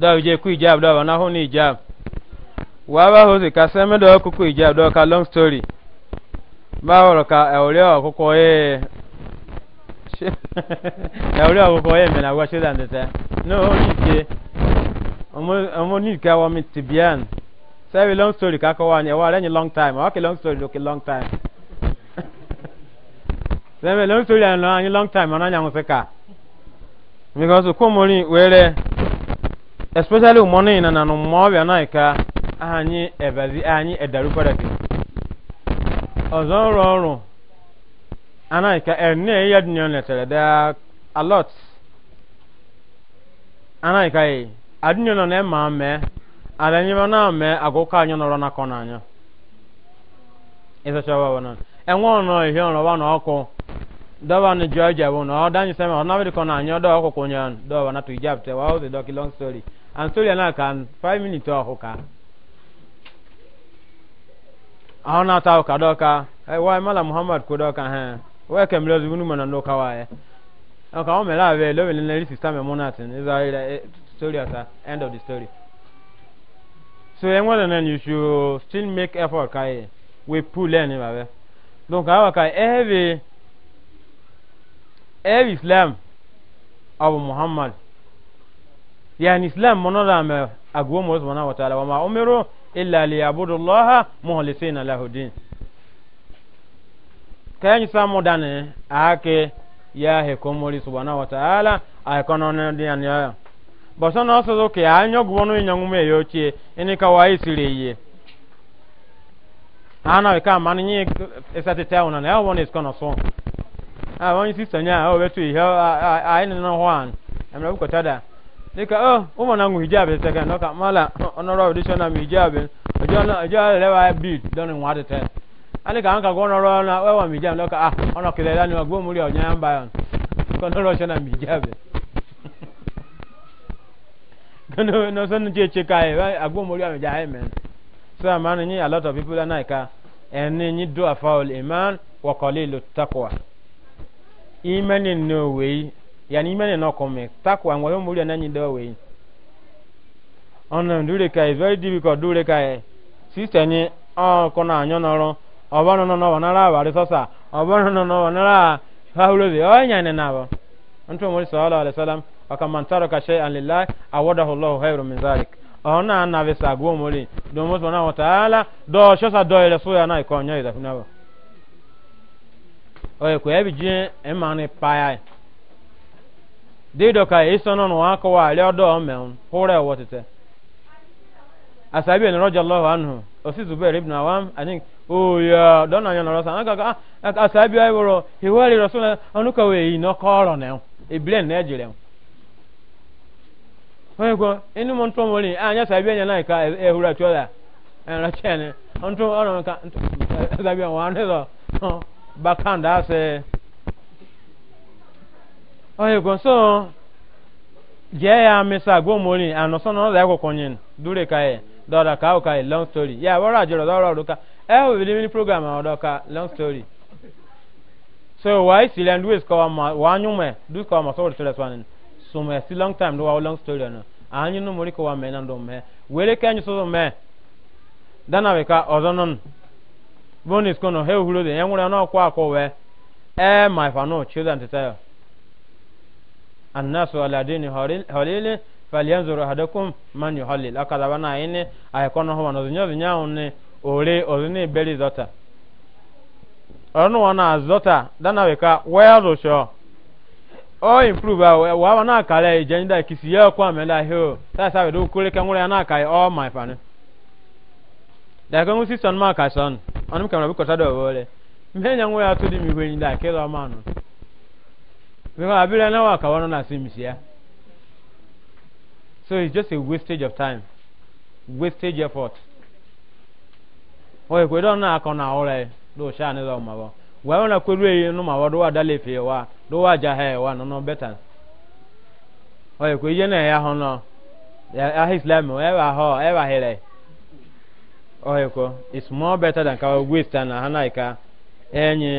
dọghọtabe iji ekwu ijap dọọ ka na hu niile ijap wabeghosi kaseme dọọ oku ijap dọọ ka long story ma ghọrọ ka ewuli awa akwụkwọ ee ewuli awa akwụkwọ ee mbịa na bwa chidandeta na owo onyeis nye omume onyeis nye ka wọ mịtị bịan siri long story ka kọwa anyị ewa long time ọ long story dọkịta long time. sebe long story and long long time mana nyangu seka because ko mori were especially umone na no mo na ika anyi ebazi anyi edaru parati ozo ro ro ana ika enne ya dunyo na tere da a lot ana ika e adunyo no na ma me ala nyi na me agoka anyo no na kona anyo chawa enwo no ihe onro wa dɔba ni jɔ jɛbu nɔ dani sɛmɛ ɔna bi kɔnɔ a nyɔ dɔba ko ko nyɔ dɔba na tu ijab tɛ wa o de dɔki long story and story na kan five minutes ɔho ka ɔho na ta o ka dɔ ka ɛ wa mala muhammad ko dɔ ka hɛn wa kɛ mili ɔzubu numu na n'o ka wa yɛ ɔka wɔn mɛlɛ abɛ lobi ni lɛri sista mɛ mun na ten ɛzɛ ayira story ɔsa end of the story so ɛ ŋwɛlɛ nɛ you should still make effort ka ye we pull ɛ ni ba bɛ donc awa ka ɛhɛ bi. ebi islam abu muhammad yani islam mɔnɔ la mɛ agogo mɔri sɔmɔna wa taala wa ma umiru illa li abudu lɔha muhlisina lahu din kɛnyɛ samu dani na yahe komori ya boso no so ke anyo gwono nyangu me yochie ini ka ka na ya won ah wọn ah a ọbẹ tu ihe a ah nana da na ŋun hijab tɛ kan n'ɔka mala ɔnɔrɔ audition na mu hijab ɔjɔ ɔjɔ yɛrɛ wa bid dɔnni ŋun adi tɛ ani ka an ka gɔn na hijab n'ɔka ah ɔnɔ kele la ni wa gbɔ muri ɔnyɛ an ba yan kɔnɔrɔ sɛ na hijab kɔnɔ nɔsɔn ni ah tse ka ye agbɔ muri ɔnyɛ ayi mɛ so a ma a lot of people na yi ka ɛni do afa ol iman imani no wei yani imani no come takwa ngwa yo muri ananyi do wei ona ndure kai very difficult dure kai sister ni o ko anyo noro obono no no wanara abari sosa obono no no wanara hawlo onya ne nabo ntu aka man taraka shay'an awadahu min zalik ona na vesa gwo muri do mo na wa taala do shosa do ile suya na ikonyo ida oye ko ebi jin emani paya dido ka isono no aka wa ale odo meun hore wotete asabi en rajallahu anhu osi zubair ibn awam i think oh yeah don anya no rasa aka asabi ay woro he wali rasul anuka we yi no koro ne iblen na ejire oye ko enu mon to mo ni anya ah, sabi anya na ka ehura e chola en ra chene onto ono ka sabi wa ne do oh. bakanda ase oye gonso je ya misa gomori anoso no da ko konyin dure kai dora ka o kai long story ya wora joro dora ruka e o bi mini program o doka long story so why silen du is ko ma wanyu me du ko ma so tele one. so me si long time do wa long story no anyu no mori ko wa me na ndo me were kanyu so me dana we ka ozonon bonus kono he hulo de enwere na kwa akowe e my fano children to tell annasu ala dini halil falyanzuru ahadakum man yuhallil akala bana ine ay ho nyo nyawo ne ore ozini beri zota onu wana zota dana weka well sure o improve uh, wa wana kwa mela o sasa we do kule kanwere na kai all my fano daga ngusi son ma ka son anum kamra buko sado wole me nyango ya tudi mi hwenyi da ke lo manu we ba bila na wa ka wono na simisia so it's just a wastage of time wastage effort oye kwe don na ko na ole do sha ne lo ma bo we wona kwe re no ma wo do wa dale fi wa do wa ja he wa no no better oye kwe ye na ya ho no ya islam e wa ho e wa ọhịkọ is more better than ka waste na ha naika enyi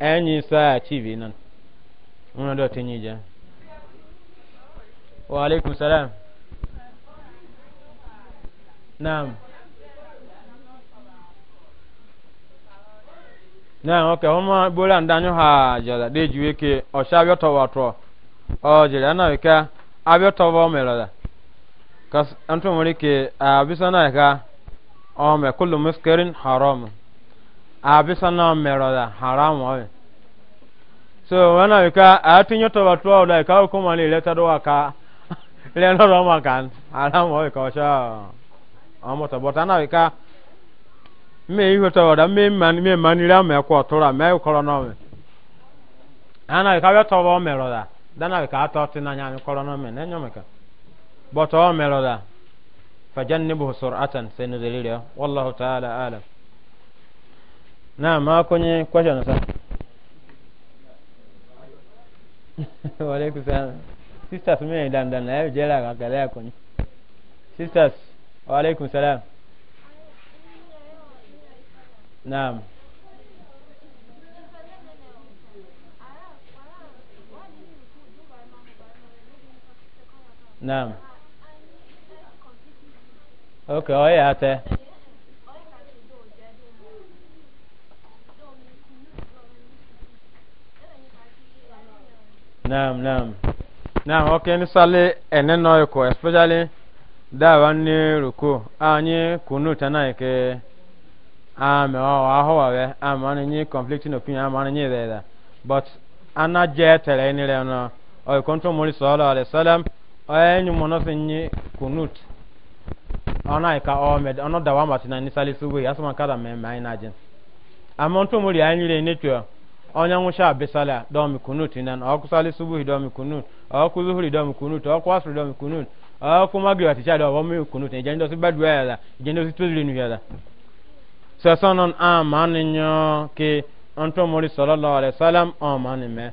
enyi sa achieve na una do tinyi je wa alaikum salam naam naam okay homa bola ndanyo ha jada deji weke oshabyo to watro o jira na weka abyo to bo melada kas antu nwere ike abisa na ika. ome kullu muskirin haram abisa na meroda haram oy so wana wika atinyo to batwa oda ka ko mali leta do aka le no do makan haram oy ko sha amo to botana wika me iho to oda me فجنبه سرعة سنزليليا والله تعالى أعلم نعم ما كوني كوشن سا وعليكم السلام sisters mi dan dan na je la ga gale ko ni sisters wa alaikum salam naam naam Ok oh, ọ ate atẹ. Naam naam. Naam ni ene no especially da wan ni anyi kunu tana ke ame o aho wa we conflicting opinion amani ni there but ana je tele ni na no o kontu sallallahu alaihi wasallam o kunut ona ka o med ono dawa na nisali sali suwe asuma kada me mai na jin amma to muri anyi le ne to onya ngusha besala do mi kunut nan o kusali subuhi do mi kunut o kuzuhuri do mi kunut o kwasri do mi kunut o kuma gwa ti chado o mi kunut je ndo si badwa ya je ndo si tuzuli nu ya sa sonon amaninyo ke onto muri sallallahu alaihi wasallam o manime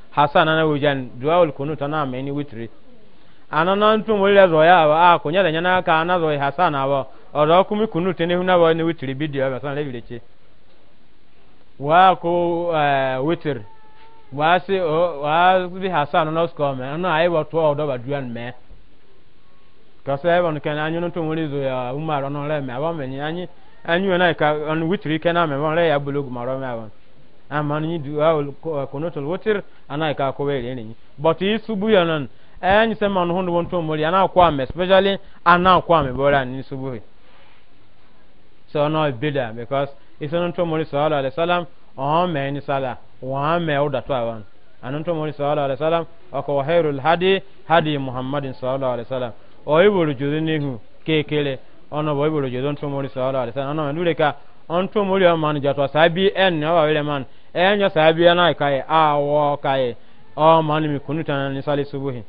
hasan ana wujan duawul kunut ana meni witri ana nan tu mulya zoya wa a ah, kunya da nyana ka ana zoya hasan awo oro kumi kunut ne huna wa ni witri bidio ba san lebile che wa ko uh, eh, witr wa si o wa bi hasan no sko me ana ai wa to odo ba duan me ka se won ken anyu no tu mulya zoya umar no le me awon me anyi anyu na ka on witri ken na me won le ya bulugu maro me awon amani ni du'a kunutul witr ana ka ko wele ni but yi subu yanan en se man hundu won to mori ana kwa me especially ana kwa me bora ni subu so no bida because it's on to mori sallallahu alaihi wasallam o me ni sala wa me o da to awan anan to mori sallallahu alaihi wasallam o ko khairul hadi hadi muhammadin sallallahu alayhi salam. o iburu jodini hu kekele ono bo iburu jodon to mori sallallahu alaihi wasallam ono ndure ka on to mori o man jatwa sabi en o wa wele man enyo sabia na kai awo kai o mani mi kunuta ni sali subuhi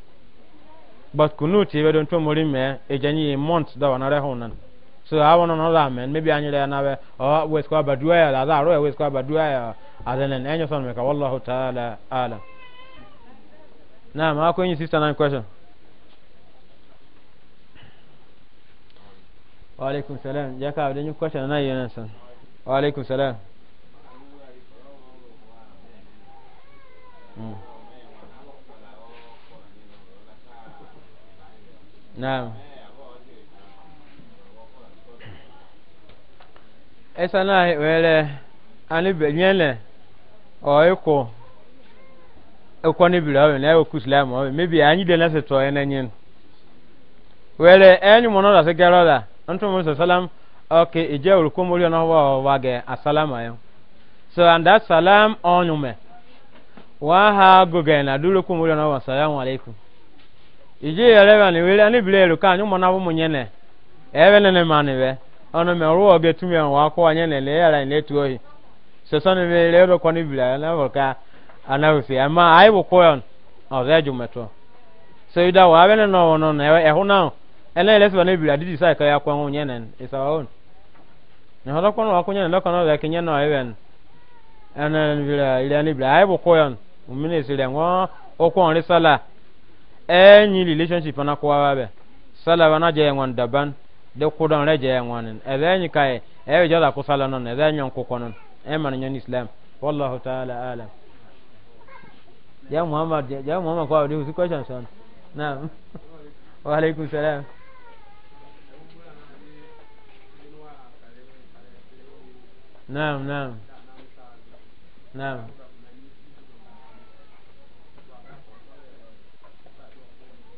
but kunuti be don to mori me e janyi month da wana re honan so i want another amen maybe anyi re na be o we square badua ya da ro we square badua ya adenen enyo son me ka wallahu ta'ala ala na ma ko any sister nine question wa alaikum salam ya ka da ni question na yana san wa alaikum salam نعم mm. esa na wele ani benyele oiko ekwa ni bila na ewe kuslam o maybe anyi de na se to ene nyen wele enyi mo no da se gero da ntu mo salam okay ije ulukomori na wa wa ge assalamu alaykum so and that salam waha gogena dulu kumuli na wasalamu alaikum iji yelewa ni wele bile elu kanyu mwana bu munyene ewe nene mani be ono me ruwa ge tumi an wako na le yala ni ohi sasa ni me leo kwa ni bile na voka anahusi ama aibu koyon oze jumeto so ida wa abene no wono na na e, ehuna ene lesu ni bile didi sai ka ya kwa mmiri siri ŋo okwo nri sala enyi relationship na kuwa wabe sala wana je ngon daban de kudon re je ngon ebe enyi kai ebe jada ku sala non ebe enyi ku konon e man nyon islam wallahu ta'ala alam ya muhammad ya muhammad kwa de usi question son na wa alaikum salam Naam naam. Naam.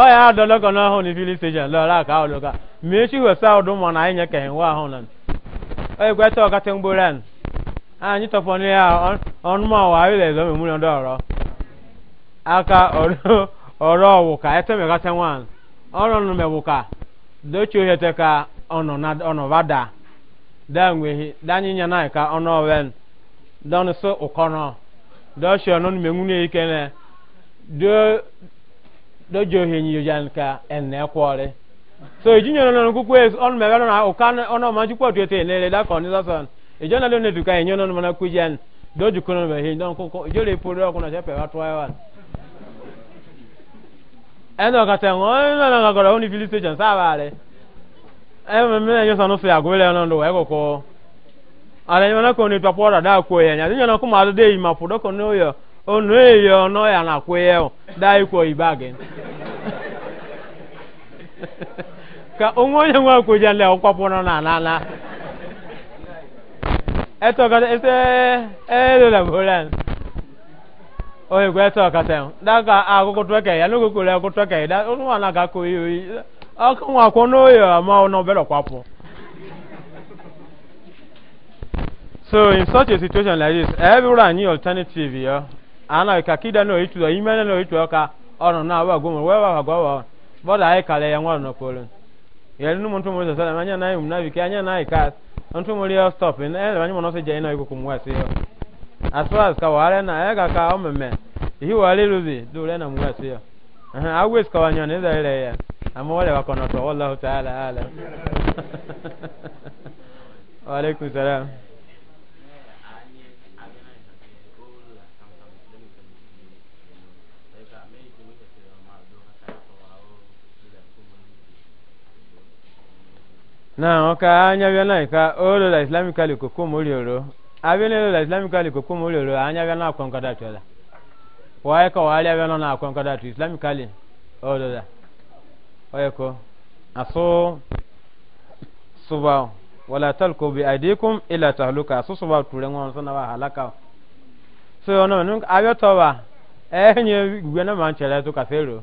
ọ ya adọlọkọ n'ahụ na fili sejan lọrọ aka ọlọka mmiri chi wesa ọdụ mọ na anyị nye ka nwa ahụ na ọ ekweta ọkata mgbori an anyị tọpọ na ya ọnụma ọwa ayụla ezo mmiri ndị ọrọ aka ọrọ ọwụka etemekata nwan ọrụ e nụ mewụka dochie ohete ka ọnọ na ọnọ vada da nweghi danyị nya na ka ọnụ ọwen dọnụsụ ụkọnọ dọchie ọnụ mmenwu na-ekene do dojo henyi yan ka enne kwore so ijinyo no no kukwe on me na o kan ono ma jukwa tuete nele da kon za san ijona le ne duka enyo no na kujan dojo kono be hen don ko ijole pore ko na chepe watu ayo eno kata ngon na na gora oni filiste jan sabare e me me yo sanu se agwele no ndo e koko ala nyona ko ni da ko yenya nyona ko ma de ima fu ko no yo onu eyo no ya na kweye da ikwo ibage ka onwe onye nwe akwoja e, le ọkwapụrụ na anana eto kata ese elo la bolan oye kwa eto kata da ka agogo tweke ya nugo kule agogo tweke da onu ana ga ko yi aka nwa ko no yo ama ono belo kwapo So in such a situation like this, everyone need alternative ya. Yeah? ana ka kida no itu da imene no itu ka ono na wa gomo wa wa gwa wa boda ai kale ya ngwa no polo yeli nu muntu muzo sala manya nayi mnavi ke anya nayi ka muntu muri yo stop in ele banyi mono se je ina ikuku mwasi yo as far as ka wale na ega ka omeme hi wale luzi dole na mwasi yo aha always ka wanya ne da ile ya ama wale wako na to wallahu ta'ala ala wa alaikum salam na ka anya bịa na olo la islamic kali koko mori oro abịa olo la islamic kali koko mori oro anya bịa na akwa nkada chọla waye na akwa nkada chọ islamic olo la waye ko aso suba wala talko bi aidikum ila tahluka aso suba ture ngon so wa halaka so ono nun abịa towa enye gwe na manchere to ka fero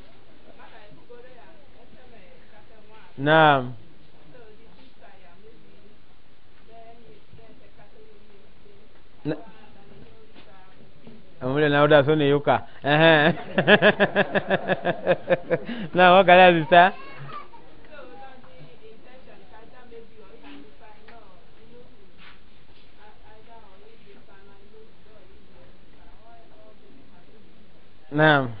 Naam. amule na uda sone yuka ehe na wakala zita Naam.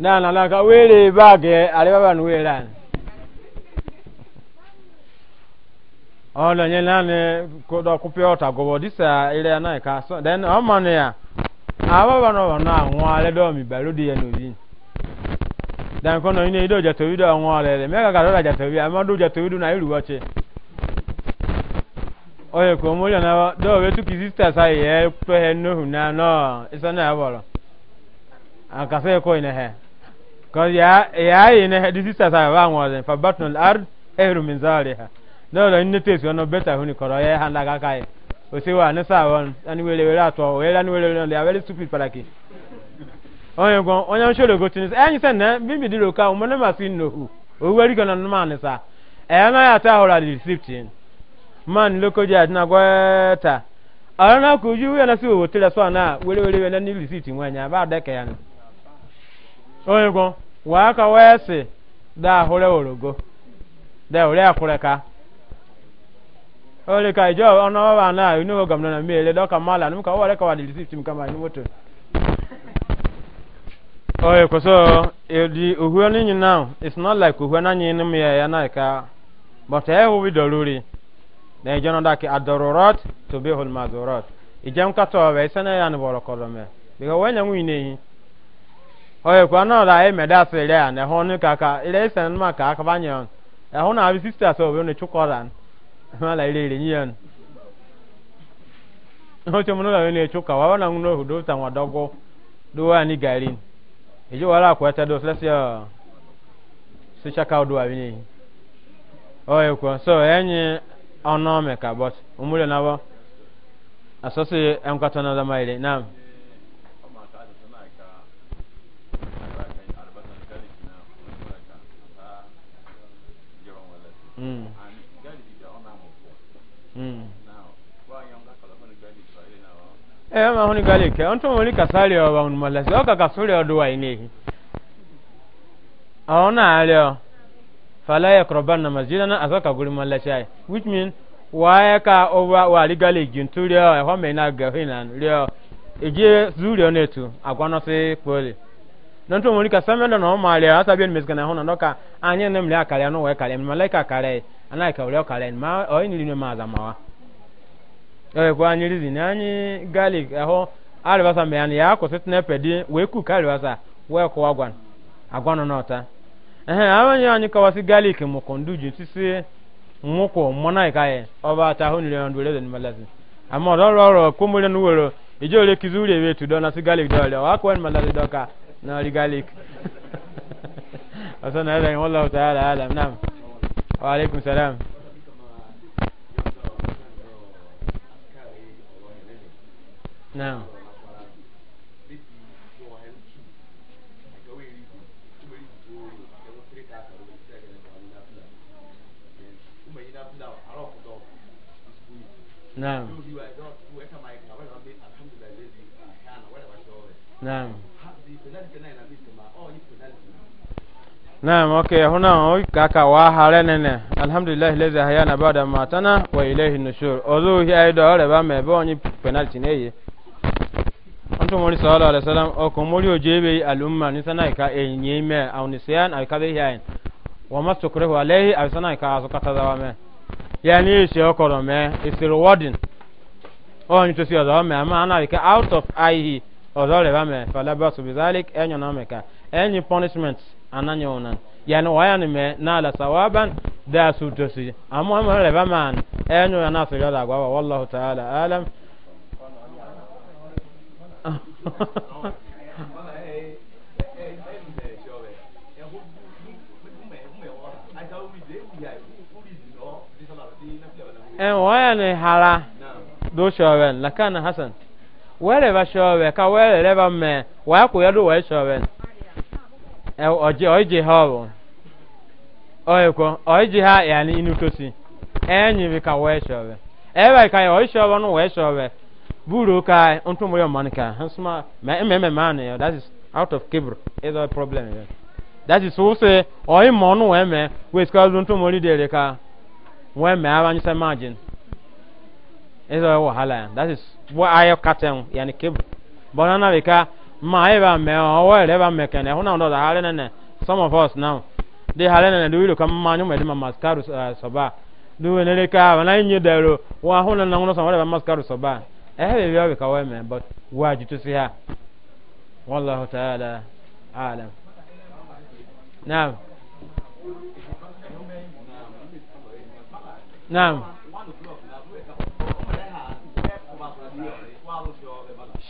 na na na ka wele bage ale baba nu wele an ọlọ nye nani kodo kupe ọta gobo disa ile ana ka so then ọmọ ni ya ababa na ọba na anwụ ale dọ mi balo di ya n'obi dan kono ine ido jatobi do anwụ ale le mega ka dọla jatobi ama do jatobi do na iru wache oye ko mo na do we tu ki sister sai ye pe he no na no isa na abolo akase ko ine he kan ya ya yi ne hadisi sa sa ba mu wazin fa batnul ard ehru min zaliha no lo ni te so no beta huni koro ya han daga kai o se wa ne sa won ani wele wele ato o wele ani wele no le awele stupid para ki onye gon onye sholo go tinis anyi sen na bi bi dilo ka mo ne ma sin no hu o wari kan no ma ne sa e na ya ta hora di 15 man loko ja na gweta ara na ku ju ya na si o tele so na wele wele na ni receipt nwanya ba de ka ya no onye gon waka wese da hore orogo da hore akureka ole ka ijo ona wa na inu go gamna na mele do ka mala nu ka wale ka wadi receipt mka ma ni moto oye koso edi ohuo ni nyina it's not like ohuo na nyi ni me ya na ka but e wo bidoruri na ijo na da ki adarurat to be hul mazurat ijem ka to we sene ya ni boro kolome because when ya nwi nehi oye kwa no da e meda sele ya ne ile isen ma ka aka banyo e ho na abi sister so bi ne ran ma la ile ile nyen ho che muno la ne chuka wa na nguno hudo ta wadogo do wa ni garin ejo wala kwa ta do slesi se chaka odo abi ni oye kwa so enye And that is the Mm. of why am I now? Eh, ama huni Gaelic. Onto mwini kasali wa unu malasi. Oka kasuli wa inihi. Aona alio. Fala ya azoka guli malasi Which ka wali Lio. na ntụ nwere ka samela na ọma arịa asabi emes kana na ndọka anya na mmiri akarịa na ụwa karịa mmala ka akarịa eh, eh, anaghị ka were ma onye niri na maza mawa anyị rizi na anyị galik ahụ arịbasa mgbe ya na ya kwụsị tinepe di wee kuu ka arịbasa wee kụwa agwa agwa nọ n'ọta ehe anyị kọwasị galik mụkụ ka ọba ata ahụ niri ndụ rezen malazi ama ọrụ ọrụ kwomere n'uwero ije ole kizi uri ewe etu na si galik dọrịa ọ akwụwa ناري نعم، عليك أصلا هذا يعني والله تعالى أعلم نعم وعليكم السلام نعم نعم نعم نعم اوكي هنا كاكا وهارنن الحمد لله الذي احيانا بعد ما ماتنا واليه النشور اولو هي ايدو اوري با مبه اني penalty نيه انتم مولى صلى الله عليه وسلم او كمولي وجيبي الامه نسنا كا انيمه او نسيان او كبه هين وما تكره عليه او سنا كا سكتا زوام يعني ايش يوكرو مه is rewarding او نتسيا زوام ما انا كا out of eye ọzọrọ ba mẹ falaba sobi zalik ẹnyọ e na mẹka ẹnyi punishment ananya ọna yẹn wọya ni mẹ n'ala sawaban daa su tosi àmọ ẹmọ rẹ ba mẹ ẹnyọ ya náà sọjọ dàgbà wà wàllahu ta'ala alam. ẹn wọya ni hara do sọrọ lakana hasan. wherever showe ka wherever me wa ku yadu wa showe e oje oje hawo oyeko ha inutosi enyi bi ka wa showe e ka yo showe no wa showe buru ka ntumu man that is out of kibr is a problem that is who say oyi oh, mo no we me we ska ntumu ri dere ka we ezo wahala yan that is wa ayo katen yani kib bona na bika ma e ba me o wa le ba me kene huna ndo da hale ne some of us now de hale ne do ilu kam ma nyu me de ma maskaru uh, soba do ne le ka na nyu de ro wa huna na ngono so wa maskaru soba e he be be ka wa me but wa ji to si ha wallahu ta'ala alam na'am na'am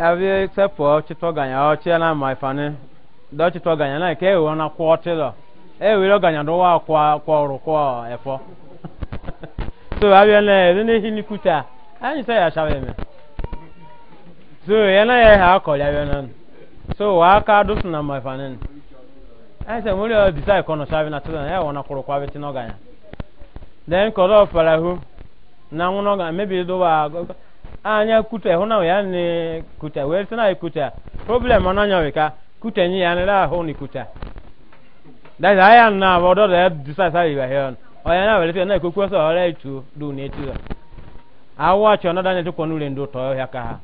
every except for chitoganya ochiela ganya na ke we na kwa kwa kwa kwa efo so na ni hini kuta ya so na ha ya we na so wa aka do na my fane say muri o decide kono shawe na tilo ya e wona kuru kwa beti then na anya kuta hona kute wee kuta na tena kuta problem na ka kute nyi yani la ho ni kuta da za ya na bodo da disa sa iba hen o ya na we tena kokwa so ora na du ya tu awa cho na da ne to konu le ndo ya ka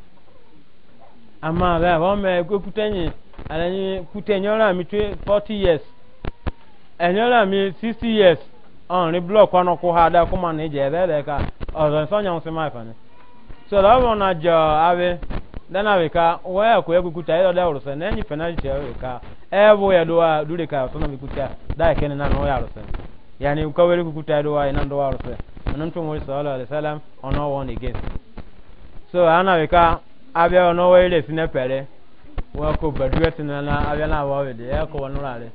ama ba ba me kute nyi anyị kute nyi ora mi 40 years enyora mi 60 years on ni block kwano ha da kuma ne je ebe ka o so da ọbụ na jọ abe dana wika waya ko ya kukuta ya da urusa na ni penalty e ya wika ebo ya doa dure ka tona bikuta da kene na no ya urusa yani ka wele kukuta doa ina ndo urusa nan to muri sallallahu alaihi wasallam ono won again so ana wika abe ono wele sine pere wa ko baduwa tinana abe na wa wele ya ko wonura le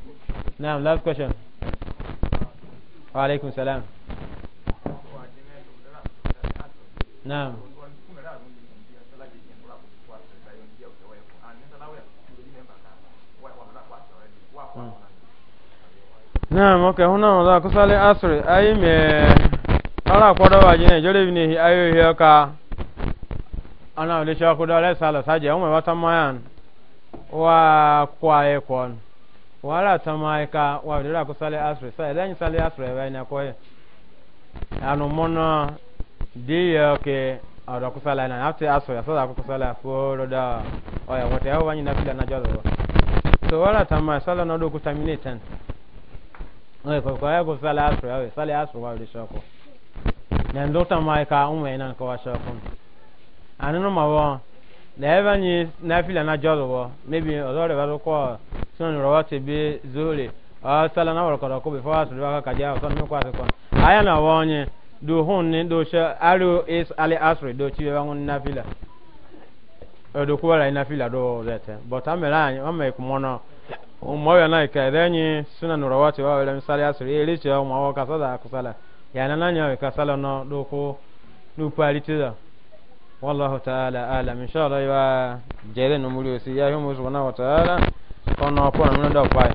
now last question wa alaikum salam Naam. No. Hmm. naam okay huna wala kusale asri ay me ala kodo wajine jore bini hi ayo hiyo ka ana le sha kodo ala sala saje umma wata mayan wa kwae kon wala tamai ka wa dira kusale asri sa dan sale asri wa ina koye anu mono di ke ada kusala na afte asri sa da kusala fo roda oya wote ayo wanyina fila na jalo so wala tama sala na doku terminated oye ko ko ayako sala asro awe sala asro wa de shoko na ndo tama ka umwe na ko wa shoko anano mawo na eba ni na fila na jolo wo maybe odore ba ko sun ro wate be zole a sala na ko ko be asro wa ka ja so mi ko aya na wonye do hun ni do sha aro is ali asro do chi wa ngun na fila Eh, do kuba la ina fila do zete but amela anyi ama ikumono umoya na ikadenyi suna nurawati wa wele misali asiri ili che umo wa kasada kusala ya na nanya we kasala no do ko do palitiza wallahu ta'ala alam inshallah wa jere no muri osi ya humu subhana wa ta'ala ono ko no do pai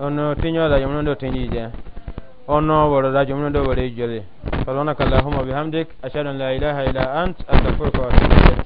ono tinyo da yomno do tinije ono woro da yomno do wore jole subhanaka allahumma bihamdik ashhadu an la ilaha illa ant astaghfiruka wa atubu ilayk